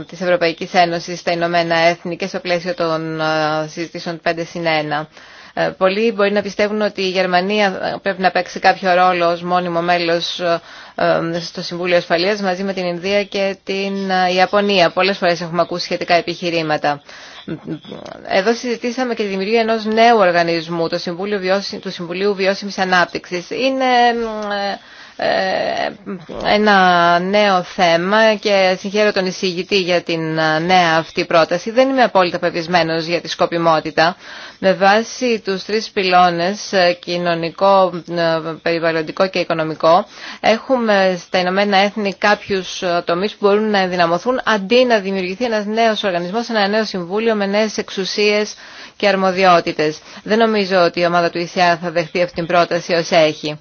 της Ευρωπαϊκής Ένωσης στα Ηνωμένα Έθνη και στο πλαίσιο των συζητήσεων 5 συν 1. Ε, πολλοί μπορεί να πιστεύουν ότι η Γερμανία πρέπει να παίξει κάποιο ρόλο ως μόνιμο μέλος ε, ε, στο Συμβούλιο Ασφαλείας μαζί με την Ινδία και την Ιαπωνία. Πολλές φορές έχουμε ακούσει σχετικά επιχειρήματα. Εδώ συζητήσαμε και τη δημιουργία ενός νέου οργανισμού, το Συμβούλιο του Συμβουλίου Βιώσιμης Ανάπτυξης. Είναι ε, ένα νέο θέμα και συγχαίρω τον εισηγητή για την ε, νέα αυτή πρόταση. Δεν είμαι απόλυτα πεπισμένος για τη σκοπιμότητα. Με βάση τους τρεις πυλώνες, ε, κοινωνικό, περιβαλλοντικό και οικονομικό, έχουμε στα Ηνωμένα Έθνη κάποιους τομείς που μπορούν να ενδυναμωθούν αντί να δημιουργηθεί ένας νέος οργανισμός, ένα νέο συμβούλιο με νέες εξουσίες και αρμοδιότητες. Δεν νομίζω ότι η ομάδα του ΙΣΙΑ θα δεχτεί αυτή την πρόταση ως έχει.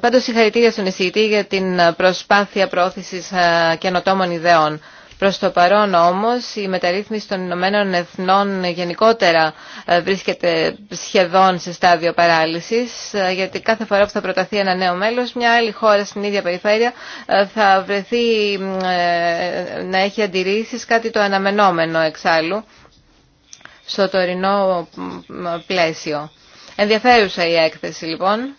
Πάντω συγχαρητήρια στον εισηγητή για την προσπάθεια προώθησης ε, καινοτόμων ιδεών. Προς το παρόν όμως η μεταρρύθμιση των Ηνωμένων Εθνών γενικότερα ε, βρίσκεται σχεδόν σε στάδιο παράλυσης ε, γιατί κάθε φορά που θα προταθεί ένα νέο μέλος μια άλλη χώρα στην ίδια περιφέρεια θα βρεθεί να έχει αντιρρήσεις κάτι το αναμενόμενο εξάλλου στο τωρινό πλαίσιο. Ενδιαφέρουσα η έκθεση λοιπόν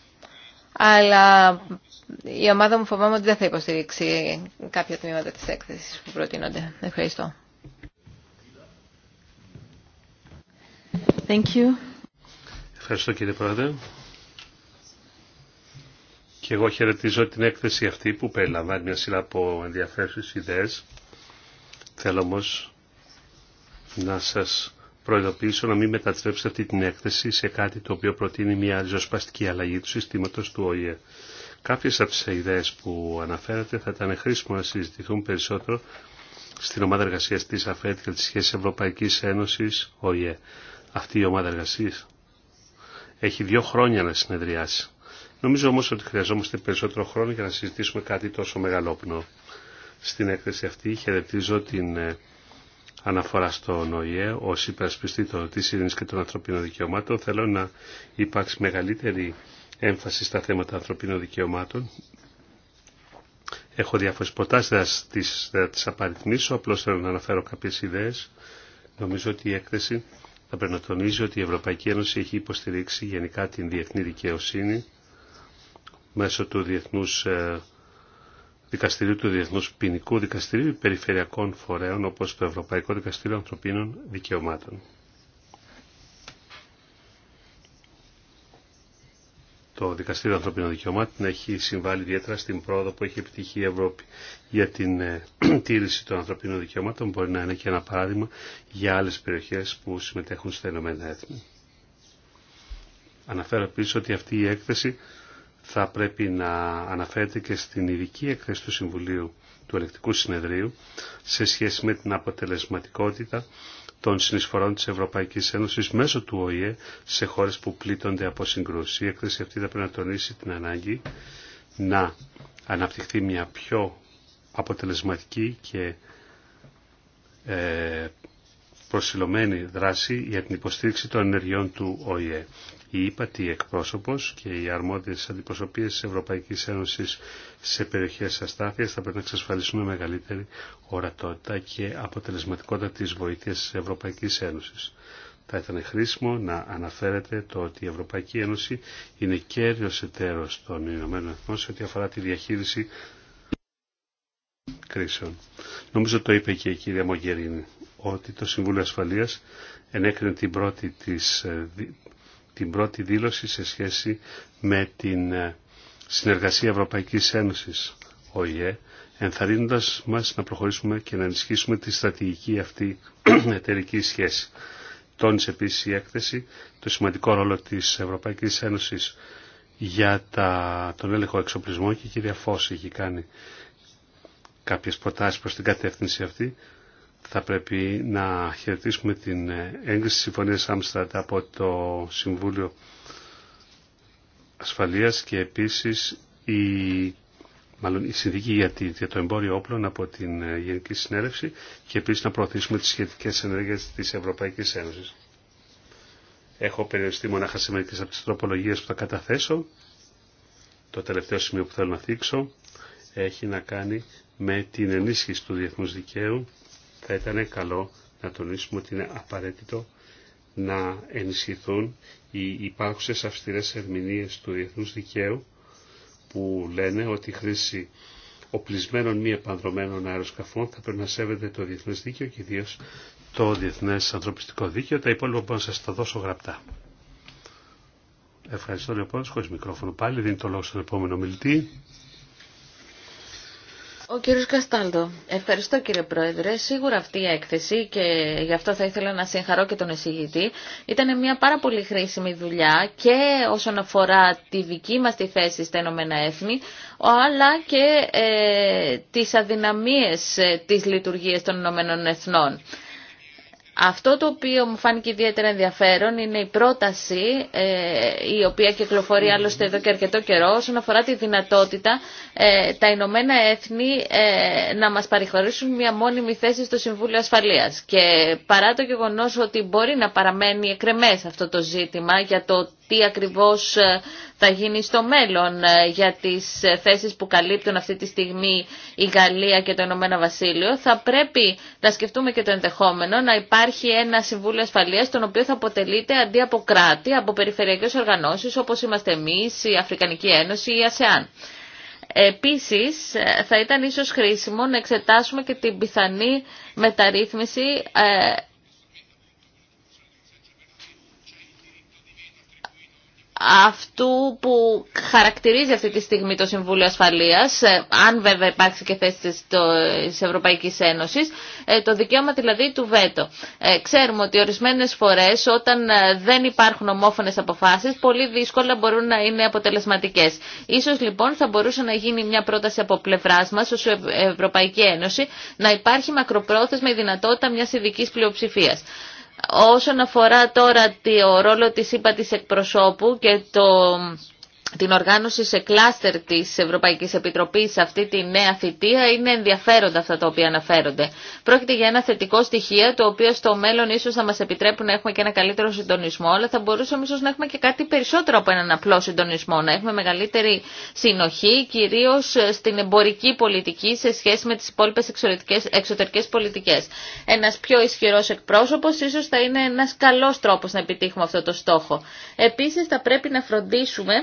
αλλά η ομάδα μου φοβάμαι ότι δεν θα υποστηρίξει κάποια τμήματα της έκθεσης που προτείνονται. Ευχαριστώ. Thank you. Ευχαριστώ κύριε Πρόεδρε. Και εγώ χαιρετίζω την έκθεση αυτή που περιλαμβάνει μια σειρά από ενδιαφέρουσες ιδέες. Θέλω όμως να σας προειδοποιήσω να μην μετατρέψετε αυτή την έκθεση σε κάτι το οποίο προτείνει μια ριζοσπαστική αλλαγή του συστήματος του ΟΗΕ. Κάποιες από τις ιδέες που αναφέρατε θα ήταν χρήσιμο να συζητηθούν περισσότερο στην ομάδα εργασία τη ΑΦΕΤ και τη σχέση Ευρωπαϊκή Ένωση, ΟΗΕ. Αυτή η ομάδα εργασία έχει δύο χρόνια να συνεδριάσει. Νομίζω όμω ότι χρειαζόμαστε περισσότερο χρόνο για να συζητήσουμε κάτι τόσο μεγαλόπνο. Στην έκθεση αυτή χαιρετίζω την ε, αναφορά στο ΟΗΕ ως υπερασπιστή της ειρήνης και των ανθρωπίνων δικαιωμάτων. Θέλω να υπάρξει μεγαλύτερη έμφαση στα θέματα ανθρωπίνων δικαιωμάτων. Έχω διάφορε προτάσει, τις, θα τις απαριθμίσω, απλώς θέλω να αναφέρω κάποιες ιδέες. Νομίζω ότι η έκθεση θα πρέπει να τονίζει ότι η Ευρωπαϊκή Ένωση έχει υποστηρίξει γενικά την διεθνή δικαιοσύνη μέσω του Διεθνούς ε, Δικαστηρίου του Διεθνούς Ποινικού Δικαστηρίου Περιφερειακών Φορέων όπως το Ευρωπαϊκό Δικαστήριο Ανθρωπίνων Δικαιωμάτων. Το Δικαστήριο Ανθρωπίνων Δικαιωμάτων έχει συμβάλει ιδιαίτερα στην πρόοδο που έχει επιτυχεί η Ευρώπη για την ε, τήρηση των ανθρωπίνων δικαιωμάτων. Μπορεί να είναι και ένα παράδειγμα για άλλες περιοχές που συμμετέχουν στα Ηνωμένα Έθνη. Αναφέρω επίσης ότι αυτή η έκθεση θα πρέπει να αναφέρεται και στην ειδική έκθεση του Συμβουλίου του Ελεκτικού Συνεδρίου σε σχέση με την αποτελεσματικότητα των συνεισφορών της Ευρωπαϊκής Ένωσης μέσω του ΟΗΕ σε χώρες που πλήττονται από συγκρούσεις. Η έκθεση αυτή θα πρέπει να τονίσει την ανάγκη να αναπτυχθεί μια πιο αποτελεσματική και ε, προσιλωμένη δράση για την υποστήριξη των ενεργειών του ΟΗΕ η ύπατη εκπρόσωπος και οι αρμόδιες αντιπροσωπείες της Ευρωπαϊκής Ένωσης σε περιοχές αστάθειας θα πρέπει να εξασφαλίσουν μεγαλύτερη ορατότητα και αποτελεσματικότητα της βοήθειας της Ευρωπαϊκής Ένωσης. Θα ήταν χρήσιμο να αναφέρετε το ότι η Ευρωπαϊκή Ένωση είναι κέριος εταίρος των Ηνωμένων σε ό,τι αφορά τη διαχείριση κρίσεων. Νομίζω το είπε και η κυρία Μογγερίνη ότι το Συμβούλιο Ασφαλείας ενέκρινε την πρώτη της ε, την πρώτη δήλωση σε σχέση με την ε, συνεργασία Ευρωπαϊκής Ένωσης, ΟΗΕ, ενθαρρύνοντας μας να προχωρήσουμε και να ενισχύσουμε τη στρατηγική αυτή εταιρική σχέση. Τόνισε επίση η έκθεση το σημαντικό ρόλο της Ευρωπαϊκής Ένωσης για τα, τον έλεγχο εξοπλισμό και η κυρία Φώση έχει κάνει κάποιες προτάσεις προς την κατεύθυνση αυτή θα πρέπει να χαιρετήσουμε την έγκριση συμφωνίας Άμστρατ από το Συμβούλιο Ασφαλείας και επίσης η, μάλλον η συνδική για, για το εμπόριο όπλων από την Γενική Συνέλευση και επίσης να προωθήσουμε τις σχετικές ενέργειες της Ευρωπαϊκής Ένωσης. Έχω περιοριστεί μονάχα σε μερικές από τις τροπολογίες που θα καταθέσω. Το τελευταίο σημείο που θέλω να θίξω έχει να κάνει με την ενίσχυση του διεθνούς δικαίου θα ήταν καλό να τονίσουμε ότι είναι απαραίτητο να ενισχυθούν οι υπάρχουσες αυστηρές ερμηνείες του διεθνούς δικαίου που λένε ότι η χρήση οπλισμένων μη επανδρομένων αεροσκαφών θα πρέπει να σέβεται το διεθνές δίκαιο και ιδίω το διεθνές ανθρωπιστικό δίκαιο. Τα υπόλοιπα μπορώ να σας τα δώσω γραπτά. Ευχαριστώ λοιπόν, χωρίς μικρόφωνο πάλι, δίνει το λόγο στον επόμενο μιλητή. Ο κύριος Καστάλτο. Ευχαριστώ κύριε Πρόεδρε. Σίγουρα αυτή η έκθεση και γι' αυτό θα ήθελα να συγχαρώ και τον εισηγητή. Ήταν μια πάρα πολύ χρήσιμη δουλειά και όσον αφορά τη δική μας τη θέση στα Ηνωμένα Έθνη, αλλά και ε, τις αδυναμίες ε, της λειτουργίας των Ηνωμένων Εθνών. Αυτό το οποίο μου φάνηκε ιδιαίτερα ενδιαφέρον είναι η πρόταση ε, η οποία κυκλοφορεί άλλωστε εδώ και αρκετό καιρό όσον αφορά τη δυνατότητα ε, τα Ηνωμένα Έθνη ε, να μας παρηχωρήσουν μια μόνιμη θέση στο Συμβούλιο Ασφαλείας. Και παρά το γεγονός ότι μπορεί να παραμένει εκρεμές αυτό το ζήτημα για το τι ακριβώς ε, θα γίνει στο μέλλον ε, για τις ε, θέσεις που καλύπτουν αυτή τη στιγμή η Γαλλία και το Ηνωμένο Βασίλειο, θα πρέπει να σκεφτούμε και το ενδεχόμενο να υπάρχει ένα Συμβούλιο Ασφαλείας, τον οποίο θα αποτελείται αντί από κράτη, από περιφερειακές οργανώσεις όπως είμαστε εμείς, η Αφρικανική Ένωση ή η ΑΣΕΑΝ. Επίσης, θα ήταν ίσως χρήσιμο να εξετάσουμε και την πιθανή μεταρρύθμιση αυτού που χαρακτηρίζει αυτή τη στιγμή το Συμβούλιο Ασφαλείας, ε, αν βέβαια υπάρξει και θέση της Ευρωπαϊκής Ένωσης, ε, το δικαίωμα δηλαδή του βέτο. Ε, ξέρουμε ότι ορισμένες φορές όταν δεν υπάρχουν ομόφωνες αποφάσεις, πολύ δύσκολα μπορούν να είναι αποτελεσματικές. Ίσως λοιπόν θα μπορούσε να γίνει μια πρόταση από πλευρά μας ως Ευρωπαϊκή Ένωση να υπάρχει η δυνατότητα μιας ειδικής πλειοψηφίας. Όσον αφορά τώρα το ρόλο της ύπατης εκπροσώπου και το την οργάνωση σε κλάστερ της Ευρωπαϊκής Επιτροπής σε αυτή τη νέα θητεία είναι ενδιαφέροντα αυτά τα οποία αναφέρονται. Πρόκειται για ένα θετικό στοιχείο το οποίο στο μέλλον ίσως θα μας επιτρέπουν να έχουμε και ένα καλύτερο συντονισμό αλλά θα μπορούσαμε ίσως να έχουμε και κάτι περισσότερο από έναν απλό συντονισμό, να έχουμε μεγαλύτερη συνοχή κυρίως στην εμπορική πολιτική σε σχέση με τις υπόλοιπε εξωτερικές πολιτικές. Ένας πιο ισχυρός εκπρόσωπος ίσως θα είναι ένα καλό τρόπος να επιτύχουμε αυτό το στόχο. Επίσης θα πρέπει να φροντίσουμε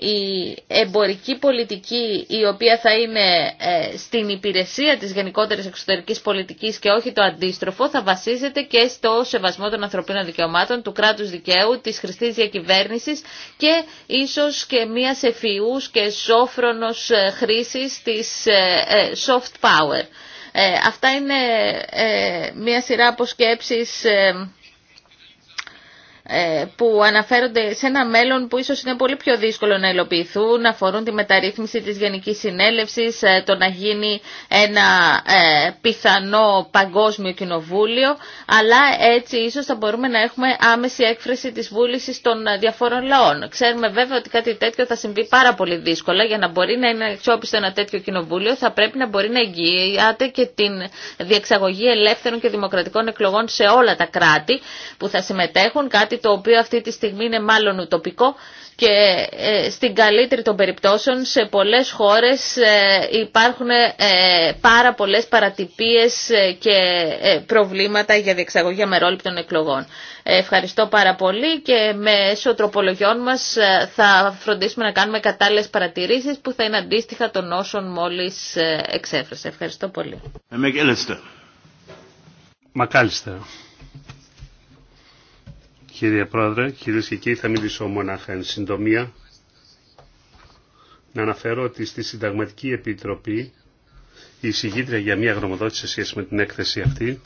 η εμπορική πολιτική η οποία θα είναι ε, στην υπηρεσία της γενικότερης εξωτερικής πολιτικής και όχι το αντίστροφο θα βασίζεται και στο σεβασμό των ανθρωπίνων δικαιωμάτων, του κράτους δικαίου, της χρηστής διακυβέρνησης και ίσως και μια ευφυούς και σόφρονος ε, χρήσης της ε, soft power. Αυτά είναι μια σειρά αποσκέψεις ε, που αναφέρονται σε ένα μέλλον που ίσως είναι πολύ πιο δύσκολο να υλοποιηθούν, αφορούν τη μεταρρύθμιση της Γενικής Συνέλευσης, ε, το να γίνει ένα ε, πιθανό παγκόσμιο κοινοβούλιο, αλλά έτσι ίσως θα μπορούμε να έχουμε άμεση έκφραση της βούλησης των διαφόρων λαών. Ξέρουμε βέβαια ότι κάτι τέτοιο θα συμβεί πάρα πολύ δύσκολα, για να μπορεί να είναι αξιόπιστο ένα τέτοιο κοινοβούλιο θα πρέπει να μπορεί να εγγυάται και την διεξαγωγή ελεύθερων και δημοκρατικών εκλογών σε όλα τα κράτη που θα συμμετέχουν, κάτι το οποίο αυτή τη στιγμή είναι μάλλον ουτοπικό και ε, στην καλύτερη των περιπτώσεων σε πολλές χώρες ε, υπάρχουν ε, πάρα πολλές παρατυπίες και προβλήματα για διεξαγωγή αμερόληπτων εκλογών. Ευχαριστώ πάρα πολύ και μέσω τροπολογιών μας θα φροντίσουμε να κάνουμε κατάλληλες παρατηρήσεις που θα είναι αντίστοιχα των όσων μόλις εξέφρασε. Ευχαριστώ πολύ. Μακάλιστα. Κύριε Πρόεδρε, κυρίε και κύριοι, θα μιλήσω μονάχα εν συντομία. Να αναφέρω ότι στη Συνταγματική Επιτροπή η εισηγήτρια για μια γνωμοδότηση σε σχέση με την έκθεση αυτή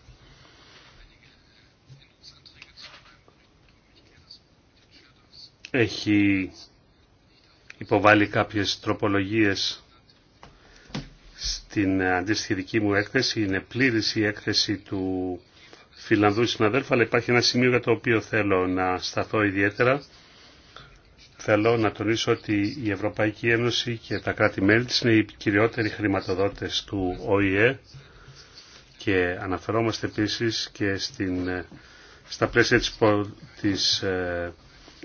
έχει υποβάλει κάποιες τροπολογίες στην αντίστοιχη δική μου έκθεση. Είναι πλήρης η έκθεση του Φιλανδού συναδέλφου, αλλά υπάρχει ένα σημείο για το οποίο θέλω να σταθώ ιδιαίτερα. Θέλω να τονίσω ότι η Ευρωπαϊκή Ένωση και τα κράτη-μέλη της είναι οι κυριότεροι χρηματοδότες του ΟΗΕ και αναφερόμαστε επίσης και στην, στα πλαίσια της, της ε,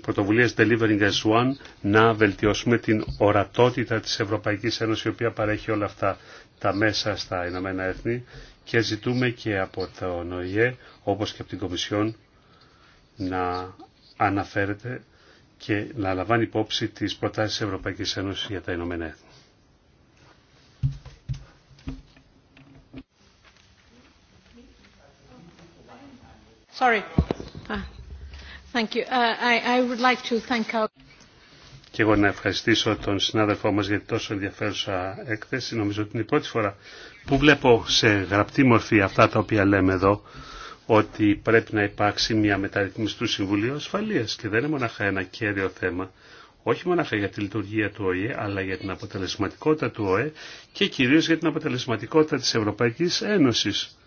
πρωτοβουλίας Delivering as One να βελτιώσουμε την ορατότητα της Ευρωπαϊκής Ένωσης η οποία παρέχει όλα αυτά τα μέσα στα Ηνωμένα Έθνη και ζητούμε και από το ΟΗΕ όπως και από την Κομισιόν να αναφέρεται και να λαμβάνει υπόψη τις προτάσεις της Ευρωπαϊκής Ένωσης για τα Ηνωμένα Έθνη. Sorry. Ah, thank you. Uh, I, would like to thank Και εγώ να ευχαριστήσω τον συνάδελφό μας για την τόσο ενδιαφέρουσα έκθεση. Νομίζω ότι είναι η πρώτη φορά που βλέπω σε γραπτή μορφή αυτά τα οποία λέμε εδώ, ότι πρέπει να υπάρξει μια μεταρρύθμιση του Συμβουλίου Ασφαλείας και δεν είναι μοναχα ένα κέριο θέμα, όχι μοναχα για τη λειτουργία του ΟΗΕ, αλλά για την αποτελεσματικότητα του ΟΕ και κυρίως για την αποτελεσματικότητα της Ευρωπαϊκής Ένωσης.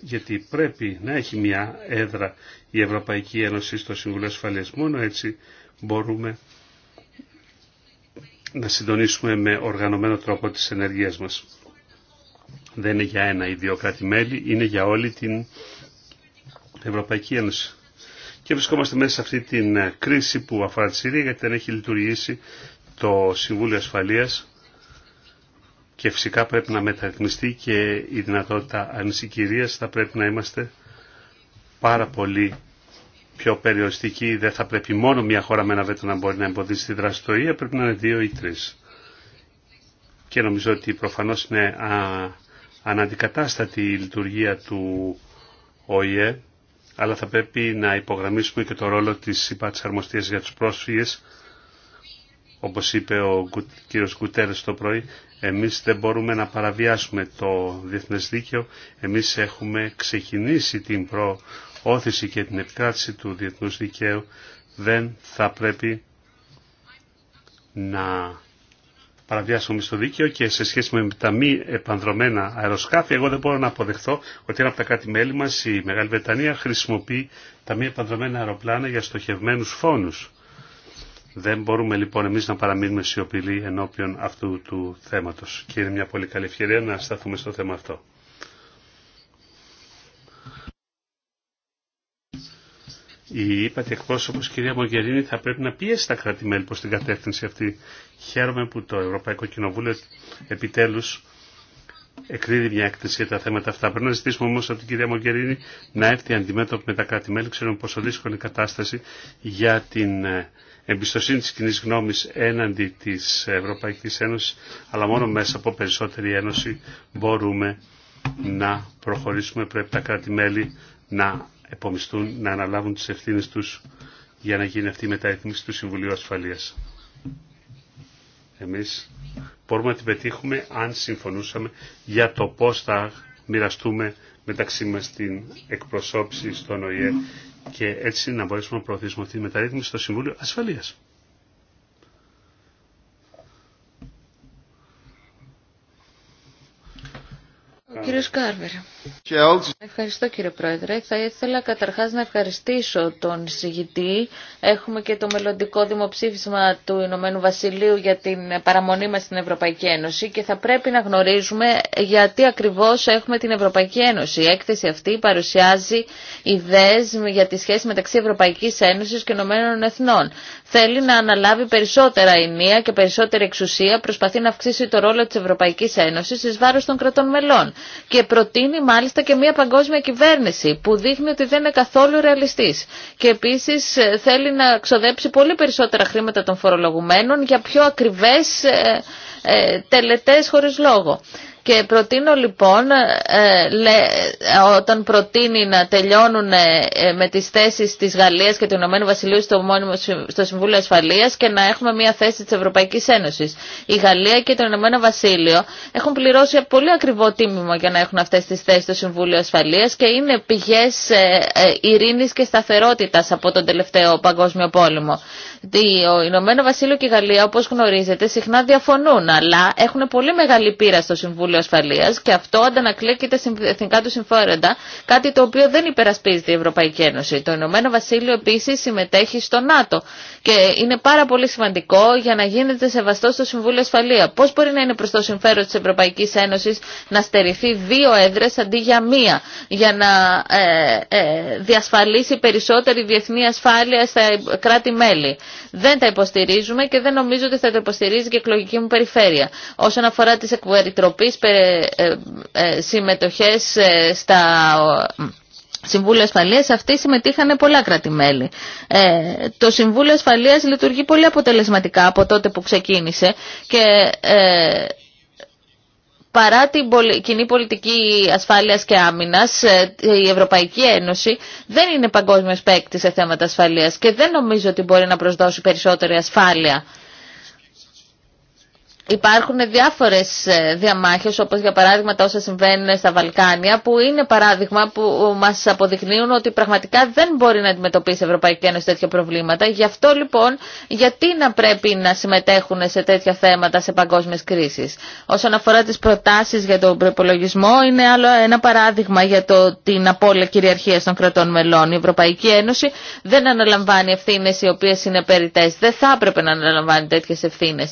Γιατί πρέπει να έχει μια έδρα η Ευρωπαϊκή Ένωση στο Συμβουλίο Ασφαλείας. Μόνο έτσι μπορούμε να συντονίσουμε με οργανωμένο τρόπο τις ενεργείες μας. Δεν είναι για ένα ή δύο κράτη-μέλη, είναι για όλη την Ευρωπαϊκή Ένωση. Και βρισκόμαστε μέσα σε αυτή την ε, κρίση που αφορά τη Συρία, γιατί δεν έχει λειτουργήσει το Συμβούλιο Ασφαλείας και φυσικά πρέπει να μεταρρυθμιστεί και η δυνατότητα ανησυχηρίας θα πρέπει να είμαστε πάρα πολύ πιο περιοριστική, δεν θα πρέπει μόνο μια χώρα με ένα βέτο να μπορεί να εμποδίσει τη δράση του πρέπει να είναι δύο ή τρει. Και νομίζω ότι προφανώς είναι α, αναντικατάστατη η λειτουργία του ΟΗΕ, αλλά θα πρέπει να υπογραμμίσουμε και το ρόλο της τη Αρμοστία για τους πρόσφυγες. Όπως είπε ο κύριος Κουτέρε το πρωί, Εμεί δεν μπορούμε να παραβιάσουμε το διεθνέ δίκαιο. Εμείς έχουμε ξεκινήσει την προ όθηση και την επικράτηση του διεθνούς δικαίου δεν θα πρέπει να παραβιάσουμε στο δίκαιο και σε σχέση με τα μη επανδρομένα αεροσκάφη, εγώ δεν μπορώ να αποδεχθώ ότι ένα από τα κάτι μελη μας η Μεγάλη Βρετανία, χρησιμοποιεί τα μη επανδρομένα αεροπλάνα για στοχευμένους φόνους. Δεν μπορούμε λοιπόν εμείς να παραμείνουμε σιωπηλοί ενώπιον αυτού του θέματος Και είναι μια πολύ καλή ευκαιρία να σταθούμε στο θέμα αυτό. η είπατε εκπρόσωπο κυρία Μογκερίνη θα πρέπει να πιέσει τα κράτη-μέλη προ την κατεύθυνση αυτή. Χαίρομαι που το Ευρωπαϊκό Κοινοβούλιο επιτέλου εκδίδει μια έκθεση για τα θέματα αυτά. Πρέπει να ζητήσουμε όμω από την κυρία Μογκερίνη να έρθει αντιμέτωπη με τα κράτη-μέλη. Ξέρουμε πόσο δύσκολη η κατάσταση για την ε, εμπιστοσύνη τη κοινή γνώμη έναντι τη Ευρωπαϊκή Ένωση, αλλά μόνο μέσα από περισσότερη ένωση μπορούμε να προχωρήσουμε. Πρέπει τα κράτη-μέλη να επομιστούν να αναλάβουν τις ευθύνες τους για να γίνει αυτή η μεταρρύθμιση του Συμβουλίου Ασφαλείας. Εμείς μπορούμε να την πετύχουμε αν συμφωνούσαμε για το πώς θα μοιραστούμε μεταξύ μας την εκπροσώπηση στον ΟΗΕ και έτσι να μπορέσουμε να προωθήσουμε αυτή τη μεταρρύθμιση στο Συμβούλιο Ασφαλείας. κύριο Κάρβερ. Ευχαριστώ κύριε Πρόεδρε. Θα ήθελα καταρχάς να ευχαριστήσω τον συγητή. Έχουμε και το μελλοντικό δημοψήφισμα του Ηνωμένου Βασιλείου για την παραμονή μας στην Ευρωπαϊκή Ένωση και θα πρέπει να γνωρίζουμε γιατί ακριβώς έχουμε την Ευρωπαϊκή Ένωση. Η έκθεση αυτή παρουσιάζει ιδέε για τη σχέση μεταξύ Ευρωπαϊκής Ένωσης και Ηνωμένων Εθνών. Θέλει να αναλάβει περισσότερα ενία και περισσότερη εξουσία, προσπαθεί να αυξήσει το ρόλο της Ευρωπαϊκής Ένωσης εις βάρος των κρατών μελών και προτείνει μάλιστα και μια παγκόσμια κυβέρνηση που δείχνει ότι δεν είναι καθόλου ρεαλιστής. Και επίσης ε, θέλει να ξοδέψει πολύ περισσότερα χρήματα των φορολογουμένων για πιο ακριβές ε, ε, τελετές χωρίς λόγο. Και προτείνω λοιπόν, ε, όταν προτείνει να τελειώνουν ε, με τις θέσεις της Γαλλίας και του Ηνωμένου Βασιλείου στο, μόνιμο, στο Συμβούλιο Ασφαλείας και να έχουμε μια θέση της Ευρωπαϊκής Ένωσης. Η Γαλλία και το Ηνωμένο Βασίλειο έχουν πληρώσει πολύ ακριβό τίμημα για να έχουν αυτές τις θέσεις στο Συμβούλιο Ασφαλείας και είναι πηγές ε, ειρήνης και σταθερότητας από τον τελευταίο Παγκόσμιο Πόλεμο. Ο Ηνωμένο Βασίλειο και η Γαλλία, όπω γνωρίζετε, συχνά διαφωνούν, αλλά έχουν πολύ μεγάλη πείρα στο Συμβούλιο Συμβούλιο Ασφαλεία και αυτό αντανακλέκεται εθνικά του συμφέροντα, κάτι το οποίο δεν υπερασπίζεται η Ευρωπαϊκή Ένωση. Το Ηνωμένο Βασίλειο επίση συμμετέχει στο ΝΑΤΟ και είναι πάρα πολύ σημαντικό για να γίνεται σεβαστό στο Συμβούλιο Ασφαλεία. Πώ μπορεί να είναι προ το συμφέρον τη Ευρωπαϊκή Ένωση να στερηθεί δύο έδρε αντί για μία, για να ε, ε, διασφαλίσει περισσότερη διεθνή ασφάλεια στα κράτη-μέλη. Δεν τα υποστηρίζουμε και δεν νομίζω ότι θα τα υποστηρίζει και η εκλογική μου περιφέρεια. Όσον αφορά τι ε, ε, συμμετοχές ε, στα Συμβούλια ασφαλεια Ασφαλεία, αυτοί συμμετείχαν πολλά κράτη-μέλη. Ε, το Συμβούλιο Ασφαλεία λειτουργεί πολύ αποτελεσματικά από τότε που ξεκίνησε και ε, παρά την κοινή πολιτική ασφάλειας και άμυνας, η Ευρωπαϊκή Ένωση δεν είναι παγκόσμιο παίκτη σε θέματα ασφαλείας και δεν νομίζω ότι μπορεί να προσδώσει περισσότερη ασφάλεια Υπάρχουν διάφορες ε, διαμάχες, όπως για παράδειγμα τα όσα συμβαίνουν στα Βαλκάνια, που είναι παράδειγμα που μας αποδεικνύουν ότι πραγματικά δεν μπορεί να αντιμετωπίσει η Ευρωπαϊκή Ένωση τέτοια προβλήματα. Γι' αυτό λοιπόν, γιατί να πρέπει να συμμετέχουν σε τέτοια θέματα, σε παγκόσμιες κρίσεις. Όσον αφορά τις προτάσεις για τον προπολογισμό, είναι άλλο ένα παράδειγμα για το, την απώλεια κυριαρχία των κρατών μελών. Η Ευρωπαϊκή Ένωση δεν αναλαμβάνει ευθύνε οι οποίε είναι περιττές. Δεν θα έπρεπε να αναλαμβάνει τέτοιε ευθύνε.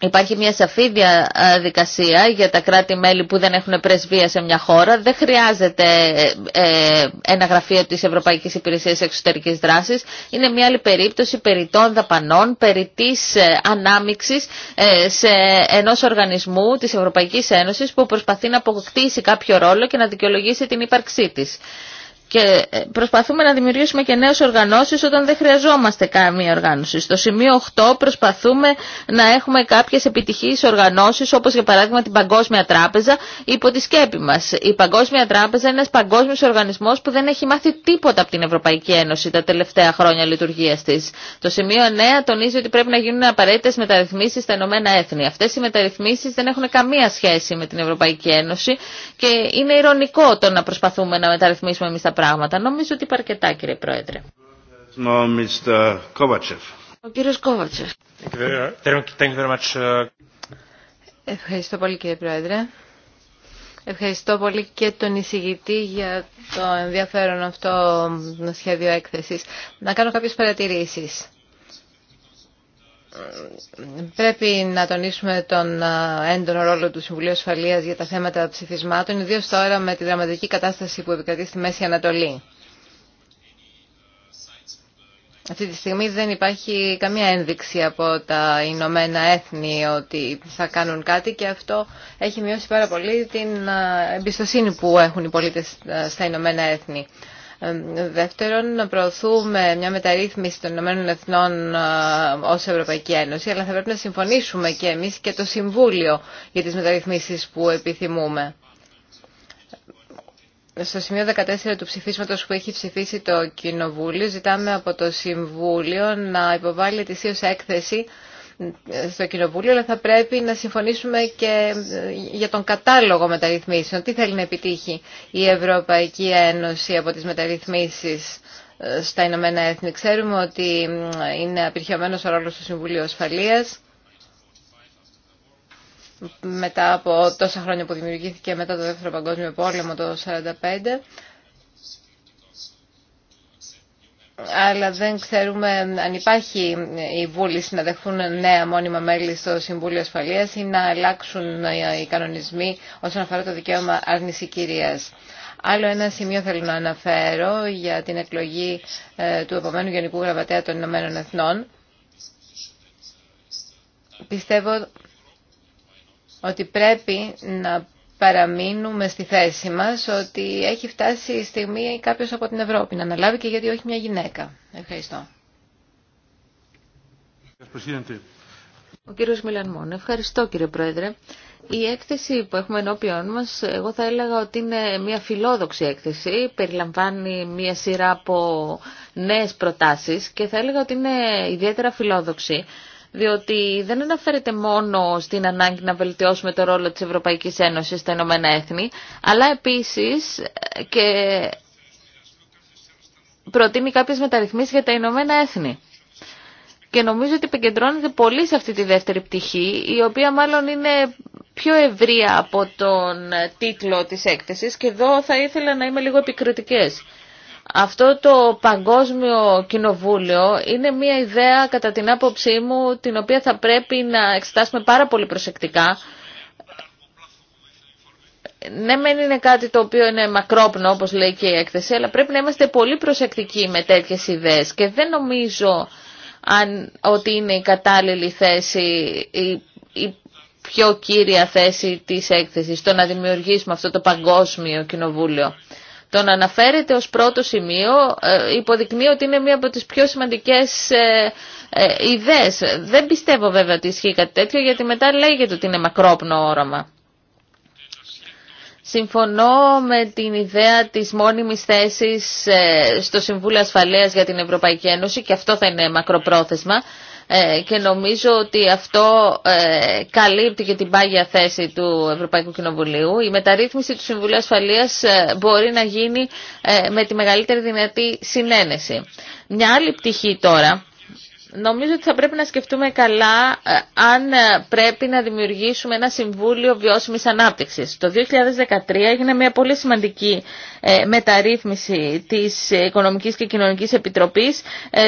Υπάρχει μια σαφή διαδικασία για τα κράτη-μέλη που δεν έχουν πρεσβεία σε μια χώρα. Δεν χρειάζεται ε, ε, ένα γραφείο της Ευρωπαϊκής Υπηρεσίας Εξωτερικής Δράσης. Είναι μια άλλη περίπτωση περί των δαπανών, περί της ε, ανάμειξης σε ενός οργανισμού της Ευρωπαϊκής Ένωσης που προσπαθεί να αποκτήσει κάποιο ρόλο και να δικαιολογήσει την ύπαρξή της. Και ε, προσπαθούμε να δημιουργήσουμε και νέες οργανώσεις όταν δεν χρειαζόμαστε καμία οργάνωση. Στο σημείο 8 προσπαθούμε να έχουμε κάποιες επιτυχείς οργανώσεις όπως για παράδειγμα την Παγκόσμια Τράπεζα υπό τη σκέπη μας. Η Παγκόσμια Τράπεζα είναι ένας παγκόσμιος οργανισμός που δεν έχει μάθει τίποτα από την Ευρωπαϊκή Ένωση τα τελευταία χρόνια λειτουργίας της. Το σημείο 9 τονίζει ότι πρέπει να γίνουν απαραίτητες μεταρρυθμίσεις στα Ηνωμένα Έθνη. Αυτές οι μεταρρυθμίσεις δεν έχουν καμία σχέση με την Ευρωπαϊκή Ένωση και είναι ηρωνικό το να προσπαθούμε να μεταρρυθμίσουμε εμείς τα πράγματα. Νομίζω ότι είπα αρκετά κύριε Πρόεδρε. Ο κύριος Κόβατσεφ. Uh, Ευχαριστώ πολύ κύριε Πρόεδρε. Ευχαριστώ πολύ και τον εισηγητή για το ενδιαφέρον αυτό σχέδιο έκθεσης. Να κάνω κάποιες παρατηρήσεις πρέπει να τονίσουμε τον ε, έντονο ρόλο του Συμβουλίου Ασφαλείας για τα θέματα ψηφισμάτων, ιδίως τώρα με τη δραματική κατάσταση που επικρατεί στη Μέση Ανατολή. Αυτή τη στιγμή δεν υπάρχει καμία ένδειξη από τα Ηνωμένα Έθνη ότι θα κάνουν κάτι και αυτό έχει μειώσει πάρα πολύ την ε, εμπιστοσύνη που έχουν οι πολίτες ε, στα Ηνωμένα Έθνη. Δεύτερον, να προωθούμε μια μεταρρύθμιση των ΗΕ Εθνών ε, Ευρωπαϊκή Ένωση, αλλά θα πρέπει να συμφωνήσουμε και εμεί και το Συμβούλιο για τι μεταρρυθμίσει που επιθυμούμε. Στο σημείο 14 του ψηφίσματο που έχει ψηφίσει το Κοινοβούλιο, ζητάμε από το Συμβούλιο να υποβάλει ετησίω έκθεση στο Κοινοβούλιο, αλλά θα πρέπει να συμφωνήσουμε και ε, για τον κατάλογο μεταρρυθμίσεων. Τι θέλει να επιτύχει η Ευρωπαϊκή Ένωση από τις μεταρρυθμίσεις ε, στα Ηνωμένα Έθνη. Ξέρουμε ότι είναι απειρχιωμένος ο ρόλος του Συμβουλίου Ασφαλείας μετά από τόσα χρόνια που δημιουργήθηκε μετά το Δεύτερο Παγκόσμιο Πόλεμο το 1945 αλλά δεν ξέρουμε αν υπάρχει η βούληση να δεχθούν νέα μόνιμα μέλη στο Συμβούλιο Ασφαλείας ή να αλλάξουν οι κανονισμοί όσον αφορά το δικαίωμα άρνηση κυρίας. Άλλο ένα σημείο θέλω να αναφέρω για την εκλογή ε, του επομένου Γενικού Γραμματέα των Ηνωμένων Εθνών. Πιστεύω ότι πρέπει να παραμείνουμε στη θέση μας ότι έχει φτάσει η στιγμή κάποιος από την Ευρώπη να αναλάβει και γιατί όχι μια γυναίκα. Ευχαριστώ. Ο κύριος Μιλανμόν. Ευχαριστώ κύριε Πρόεδρε. Η έκθεση που έχουμε ενώπιόν μας, εγώ θα έλεγα ότι είναι μια φιλόδοξη έκθεση, περιλαμβάνει μια σειρά από νέες προτάσεις και θα έλεγα ότι είναι ιδιαίτερα φιλόδοξη διότι δεν αναφέρεται μόνο στην ανάγκη να βελτιώσουμε το ρόλο της Ευρωπαϊκής Ένωσης στα Ηνωμένα Έθνη, αλλά επίσης και προτείνει κάποιες μεταρρυθμίσεις για τα Ηνωμένα Έθνη. Και νομίζω ότι επικεντρώνεται πολύ σε αυτή τη δεύτερη πτυχή, η οποία μάλλον είναι πιο ευρεία από τον τίτλο της έκθεσης και εδώ θα ήθελα να είμαι λίγο επικριτικές. Αυτό το Παγκόσμιο Κοινοβούλιο είναι μια ιδέα κατά την άποψή μου την οποία θα πρέπει να εξετάσουμε πάρα πολύ προσεκτικά. Ναι, μεν είναι κάτι το οποίο είναι μακρόπνο, όπως λέει και η έκθεση, αλλά πρέπει να είμαστε πολύ προσεκτικοί με τέτοιες ιδέες και δεν νομίζω αν, ότι είναι η κατάλληλη θέση, η, η πιο κύρια θέση της έκθεσης, το να δημιουργήσουμε αυτό το Παγκόσμιο Κοινοβούλιο. Τον αναφέρεται ως πρώτο σημείο ε, υποδεικνύει ότι είναι μία από τις πιο σημαντικές ε, ε, ιδέες. Δεν πιστεύω βέβαια ότι ισχύει κάτι τέτοιο γιατί μετά λέγεται ότι είναι μακρόπνο όραμα. Συμφωνώ με την ιδέα της μόνιμης θέσης στο Συμβούλιο Ασφαλείας για την Ευρωπαϊκή Ένωση και αυτό θα είναι μακροπρόθεσμα. Ε, και νομίζω ότι αυτό ε, καλύπτει και την πάγια θέση του Ευρωπαϊκού Κοινοβουλίου. Η μεταρρύθμιση του Συμβουλίου Ασφαλείας ε, μπορεί να γίνει με τη μεγαλύτερη δυνατή συνένεση. Μια άλλη πτυχή τώρα Νομίζω ότι θα πρέπει να σκεφτούμε καλά ε, αν ε, πρέπει να δημιουργήσουμε ένα Συμβούλιο Βιώσιμης Ανάπτυξης. Το 2013 έγινε μια πολύ σημαντική ε, μεταρρύθμιση της Οικονομικής και Κοινωνικής Επιτροπής.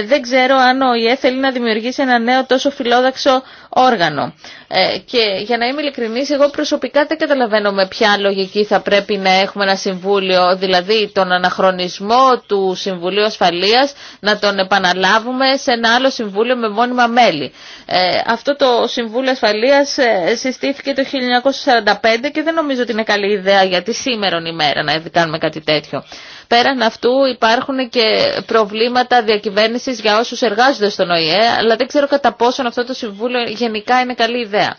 Δεν ξέρω αν ο ΙΕ θέλει να δημιουργήσει ένα νέο τόσο φιλόδαξο όργανο. Ε, και για να είμαι ειλικρινής, εγώ προσωπικά δεν καταλαβαίνω με ποια λογική θα πρέπει να έχουμε ένα συμβούλιο, δηλαδή τον αναχρονισμό του Συμβουλίου Ασφαλείας, να τον επαναλάβουμε σε ένα άλλο συμβούλιο με μόνιμα μέλη. Ε, αυτό το Συμβούλιο Ασφαλείας ε, συστήθηκε το 1945 και δεν νομίζω ότι είναι καλή ιδέα γιατί σήμερον ημέρα να κάνουμε κάτι τέτοιο. Πέραν αυτού υπάρχουν και προβλήματα διακυβέρνησης για όσους εργάζονται στον ΟΗΕ, αλλά δεν ξέρω κατά πόσον αυτό το Συμβούλιο γενικά είναι καλή ιδέα.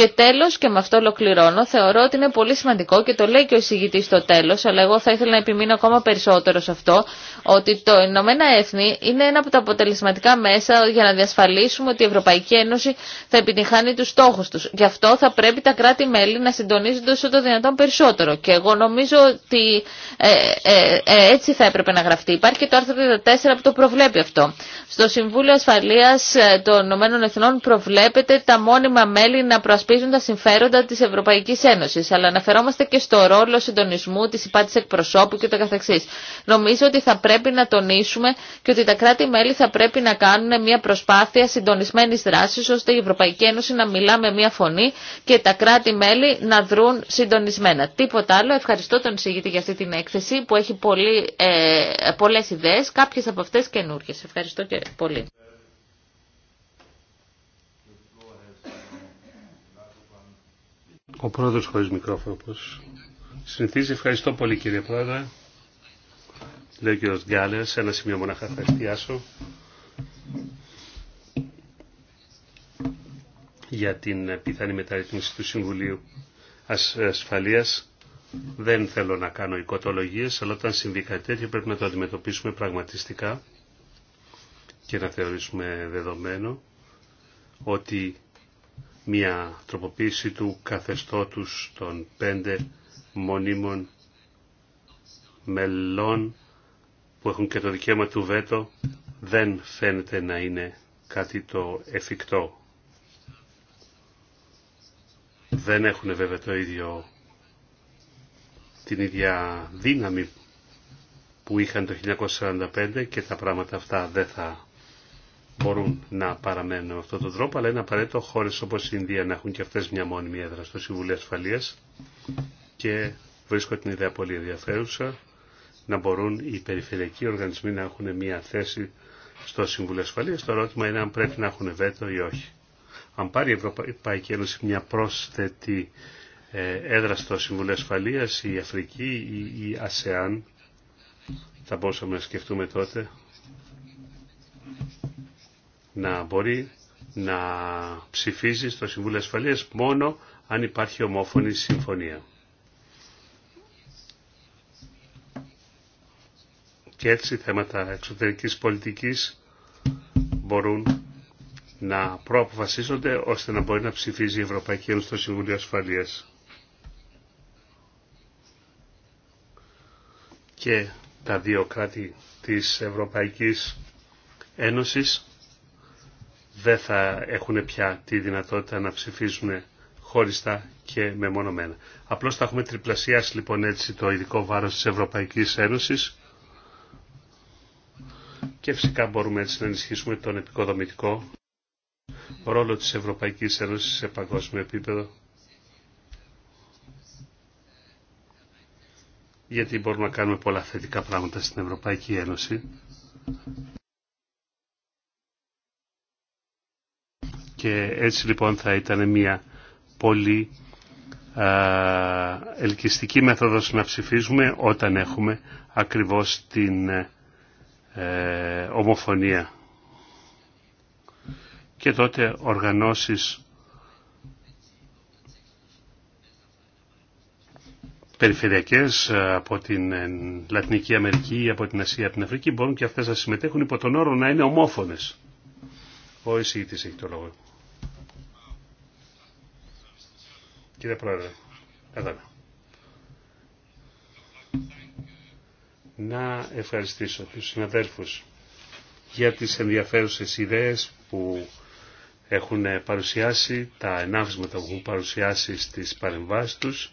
Και τέλος, και με αυτό ολοκληρώνω, θεωρώ ότι είναι πολύ σημαντικό και το λέει και ο εισηγητής στο τέλος, αλλά εγώ θα ήθελα να επιμείνω ακόμα περισσότερο σε αυτό, ότι το Ηνωμένα Έθνη είναι ένα από τα αποτελεσματικά μέσα για να διασφαλίσουμε ότι η Ευρωπαϊκή Ένωση θα επιτυχάνει τους στόχους τους. Γι' αυτό θα πρέπει τα κράτη-μέλη να συντονίζονται όσο το δυνατόν περισσότερο. Και εγώ νομίζω ότι ε, ε, ε, έτσι θα έπρεπε να γραφτεί. Υπάρχει και το άρθρο 34 που το προβλέπει αυτό. Στο Συμβούλιο Ασφαλείας των Ηνωμένων Εθνών προβλέπεται τα μόνιμα μέλη να υπερασπίζουν τα συμφέροντα τη Ευρωπαϊκή Ένωση, αλλά αναφερόμαστε και στο ρόλο συντονισμού, της υπάτης εκπροσώπου και το Νομίζω ότι θα πρέπει να τονίσουμε και ότι τα κράτη-μέλη θα πρέπει να κάνουν μια προσπάθεια συντονισμένη δράση ώστε η Ευρωπαϊκή Ένωση να μιλά με μια φωνή και τα κράτη-μέλη να δρουν συντονισμένα. Τίποτα άλλο. Ευχαριστώ τον εισηγητή για αυτή την έκθεση που έχει πολλέ ε, πολλές ιδέες, κάποιες από αυτέ καινούργιε. Ευχαριστώ και πολύ. Ο πρόεδρος χωρίς μικρόφωνο, συνηθίζει. Ευχαριστώ πολύ κύριε πρόεδρε. Λέω και ο Γκάλερ, σε ένα σημείο μονάχα θα εστιάσω. για την πιθανή μεταρρύθμιση του Συμβουλίου Ασφαλείας. Δεν θέλω να κάνω οικοτολογίες, αλλά όταν συμβεί κάτι τέτοιο πρέπει να το αντιμετωπίσουμε πραγματιστικά και να θεωρήσουμε δεδομένο ότι μια τροποποίηση του καθεστώτους των πέντε μονίμων μελών που έχουν και το δικαίωμα του βέτο δεν φαίνεται να είναι κάτι το εφικτό. Δεν έχουν βέβαια το ίδιο την ίδια δύναμη που είχαν το 1945 και τα πράγματα αυτά δεν θα μπορούν να παραμένουν με αυτόν τον τρόπο, αλλά είναι απαραίτητο χώρες όπως η Ινδία να έχουν και αυτές μια μόνιμη έδρα στο Συμβουλίο Ασφαλείας και βρίσκω την ιδέα πολύ ενδιαφέρουσα να μπορούν οι περιφερειακοί οργανισμοί να έχουν μια θέση στο Συμβούλιο Ασφαλείας. Το ερώτημα είναι αν πρέπει να έχουν βέτο ή όχι. Αν πάρει η Ευρωπαϊκή Ένωση μια πρόσθετη ε, έδρα στο Συμβούλιο Ασφαλείας, η Αφρική ή η ΑΣΕΑΝ, θα μπορούσαμε να σκεφτούμε τότε να μπορεί να ψηφίζει στο Συμβούλιο Ασφαλείας μόνο αν υπάρχει ομόφωνη συμφωνία. Και έτσι θέματα εξωτερικής πολιτικής μπορούν να προαποφασίζονται ώστε να μπορεί να ψηφίζει η Ευρωπαϊκή Ένωση στο Συμβούλιο Ασφαλείας. Και τα δύο κράτη της Ευρωπαϊκής Ένωσης δεν θα έχουν πια τη δυνατότητα να ψηφίζουν χωριστά και μεμονωμένα. Απλώς θα έχουμε τριπλασιάσει λοιπόν έτσι το ειδικό βάρος της Ευρωπαϊκής Ένωσης και φυσικά μπορούμε έτσι να ενισχύσουμε τον επικοδομητικό ρόλο της Ευρωπαϊκής Ένωσης σε παγκόσμιο επίπεδο. Γιατί μπορούμε να κάνουμε πολλά θετικά πράγματα στην Ευρωπαϊκή Ένωση Και έτσι λοιπόν θα ήταν μια πολύ ελκυστική μέθοδος να ψηφίζουμε όταν έχουμε ακριβώς την ε, ε, ομοφωνία. Και τότε οργανώσεις περιφερειακές ε, από την Λατινική Αμερική ή από την Ασία, από την Αφρική μπορούν και αυτές να συμμετέχουν υπό τον όρο να είναι ομόφωνες. Ο εισηγητής έχει το λόγο. Κύριε Πρόεδρε, εδώ Να ευχαριστήσω τους συναδέλφους για τις ενδιαφέρουσες ιδέες που έχουν παρουσιάσει, τα ενάφησματα που έχουν παρουσιάσει στις παρεμβάσεις τους.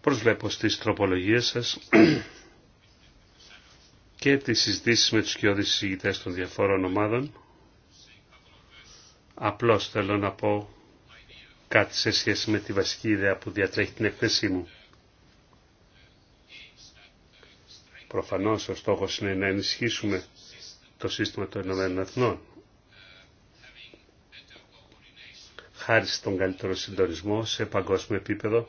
Προσβλέπω στις τροπολογίες σας και τις συζητήσεις με τους κοιόδης συζητητές των διαφόρων ομάδων. Απλώς θέλω να πω κάτι σε σχέση με τη βασική ιδέα που διατρέχει την εκθέσή μου. Προφανώς ο στόχος είναι να ενισχύσουμε το σύστημα των Ηνωμένων Εθνών. Χάρη στον καλύτερο συντονισμό σε παγκόσμιο επίπεδο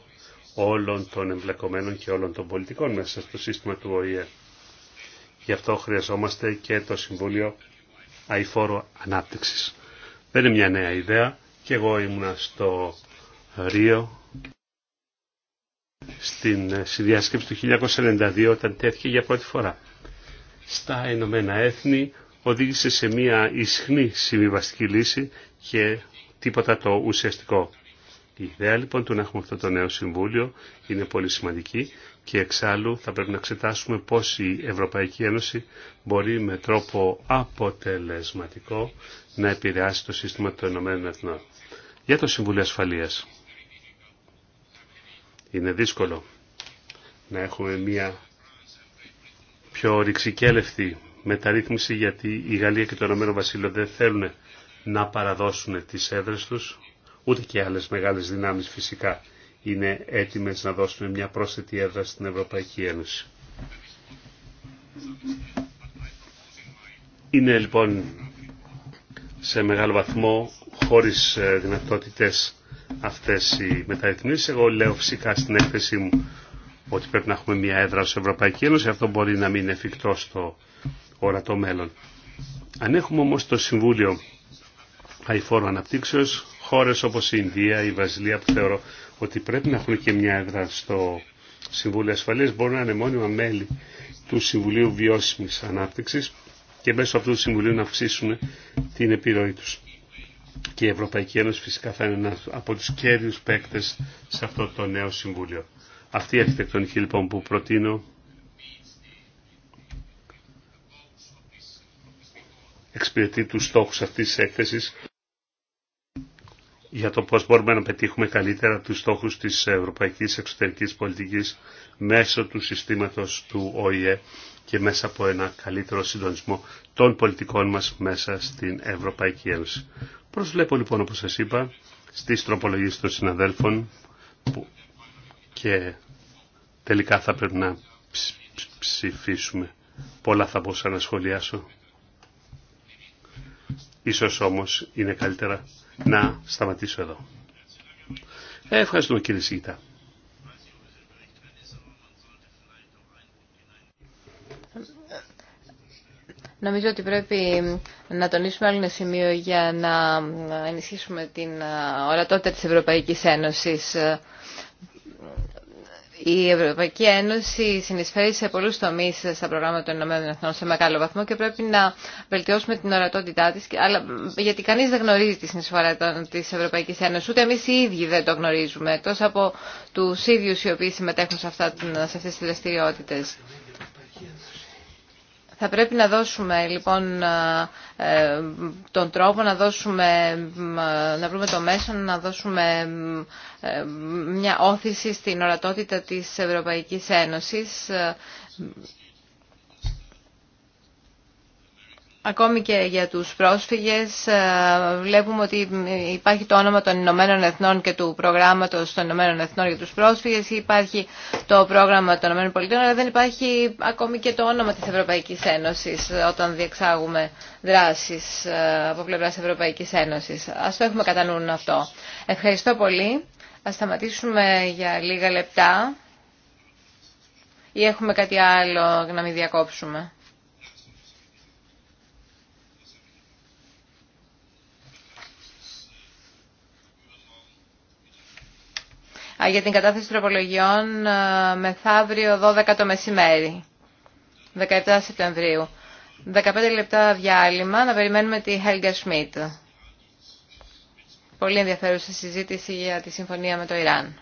όλων των εμπλεκομένων και όλων των πολιτικών μέσα στο σύστημα του ΟΗΕ. Γι' αυτό χρειαζόμαστε και το Συμβούλιο Αηφόρο Ανάπτυξης. Δεν είναι μια νέα ιδέα, και εγώ ήμουνα στο Ρίο στην ε, συνδιάσκεψη του 1992 όταν τέθηκε για πρώτη φορά. Στα Ηνωμένα Έθνη οδήγησε σε μια ισχνή συμβιβαστική λύση και τίποτα το ουσιαστικό. Η ιδέα λοιπόν του να έχουμε αυτό το νέο συμβούλιο είναι πολύ σημαντική και εξάλλου θα πρέπει να εξετάσουμε πώς η Ευρωπαϊκή Ένωση μπορεί με τρόπο αποτελεσματικό να επηρεάσει το σύστημα των Ηνωμένων Εθνών για το Συμβούλιο Ασφαλείας. Είναι δύσκολο να έχουμε μια πιο ρηξικέλευτη μεταρρύθμιση γιατί η Γαλλία και το Ηνωμένο Βασίλειο δεν θέλουν να παραδώσουν τις έδρες τους, ούτε και άλλες μεγάλες δυνάμεις φυσικά είναι έτοιμες να δώσουν μια πρόσθετη έδρα στην Ευρωπαϊκή Ένωση. Είναι λοιπόν σε μεγάλο βαθμό χωρίς ε, δυνατότητες αυτές οι μεταρρυθμίσεις. Εγώ λέω φυσικά στην έκθεσή μου ότι πρέπει να έχουμε μια έδρα ως Ευρωπαϊκή Ένωση. Αυτό μπορεί να μην είναι εφικτό στο ορατό μέλλον. Αν έχουμε όμως το Συμβούλιο Αϊφόρου Αναπτύξεως, χώρες όπως η Ινδία, η Βραζιλία που θεωρώ ότι πρέπει να έχουν και μια έδρα στο Συμβούλιο Ασφαλείας μπορούν να είναι μόνιμα μέλη του Συμβουλίου Βιώσιμης Ανάπτυξης και μέσω αυτού του Συμβουλίου να αυξήσουν την επιρροή τους. Και η Ευρωπαϊκή Ένωση φυσικά θα είναι ένα από τους κέριους παίκτες σε αυτό το νέο Συμβούλιο. Αυτή η αρχιτεκτονική λοιπόν που προτείνω εξυπηρετεί τους στόχους αυτής της έκθεσης για το πώς μπορούμε να πετύχουμε καλύτερα τους στόχους της ευρωπαϊκής εξωτερικής πολιτικής μέσω του συστήματος του ΟΗΕ και μέσα από ένα καλύτερο συντονισμό των πολιτικών μας μέσα στην Ευρωπαϊκή Ένωση. Προσβλέπω λοιπόν όπως σας είπα στις τροπολογίες των συναδέλφων που και τελικά θα πρέπει να ψηφίσουμε. Πολλά θα μπορούσα να σχολιάσω. Ίσως όμως είναι καλύτερα να σταματήσω εδώ. Ε, ευχαριστούμε κύριε Σίγητα. Νομίζω ότι πρέπει να τονίσουμε άλλο ένα σημείο για να ενισχύσουμε την ορατότητα της Ευρωπαϊκής Ένωσης. Η Ευρωπαϊκή Ένωση συνεισφέρει σε πολλούς τομείς στα προγράμματα των ΗΠΑ σε μεγάλο βαθμό και πρέπει να βελτιώσουμε την ορατότητά τη, αλλά γιατί κανείς δεν γνωρίζει τη συνεισφορά της Ευρωπαϊκής Ένωσης, ούτε εμεί οι ίδιοι δεν το γνωρίζουμε, εκτό από του ίδιου οι οποίοι συμμετέχουν σε, αυτέ τι δραστηριότητε. Θα πρέπει να δώσουμε λοιπόν ε, ε, τον τρόπο, να, δώσουμε, ε, να βρούμε το μέσο, να δώσουμε μια όθηση στην ορατότητα της Ευρωπαϊκής Ένωσης Ακόμη και για τους πρόσφυγες ε, βλέπουμε ότι υπάρχει το όνομα των Ηνωμένων Εθνών και του προγράμματος των Ηνωμένων Εθνών για τους πρόσφυγες, υπάρχει το πρόγραμμα των Ηνωμένων Πολιτών, αλλά δεν υπάρχει ακόμη και το όνομα της Ευρωπαϊκής Ένωσης όταν διεξάγουμε δράσεις ε, από πλευράς Ευρωπαϊκής Ένωσης. Ας το έχουμε κατά νου αυτό. Ευχαριστώ πολύ. Ας σταματήσουμε για λίγα λεπτά ή έχουμε κάτι άλλο να μην διακόψουμε. για την κατάθεση τροπολογιών ε, μεθαύριο 12 το μεσημέρι, 17 Σεπτεμβρίου. 15 λεπτά διάλειμμα να περιμένουμε τη Helga Schmidt. Πολύ ενδιαφέρουσα συζήτηση για τη συμφωνία με το Ιράν.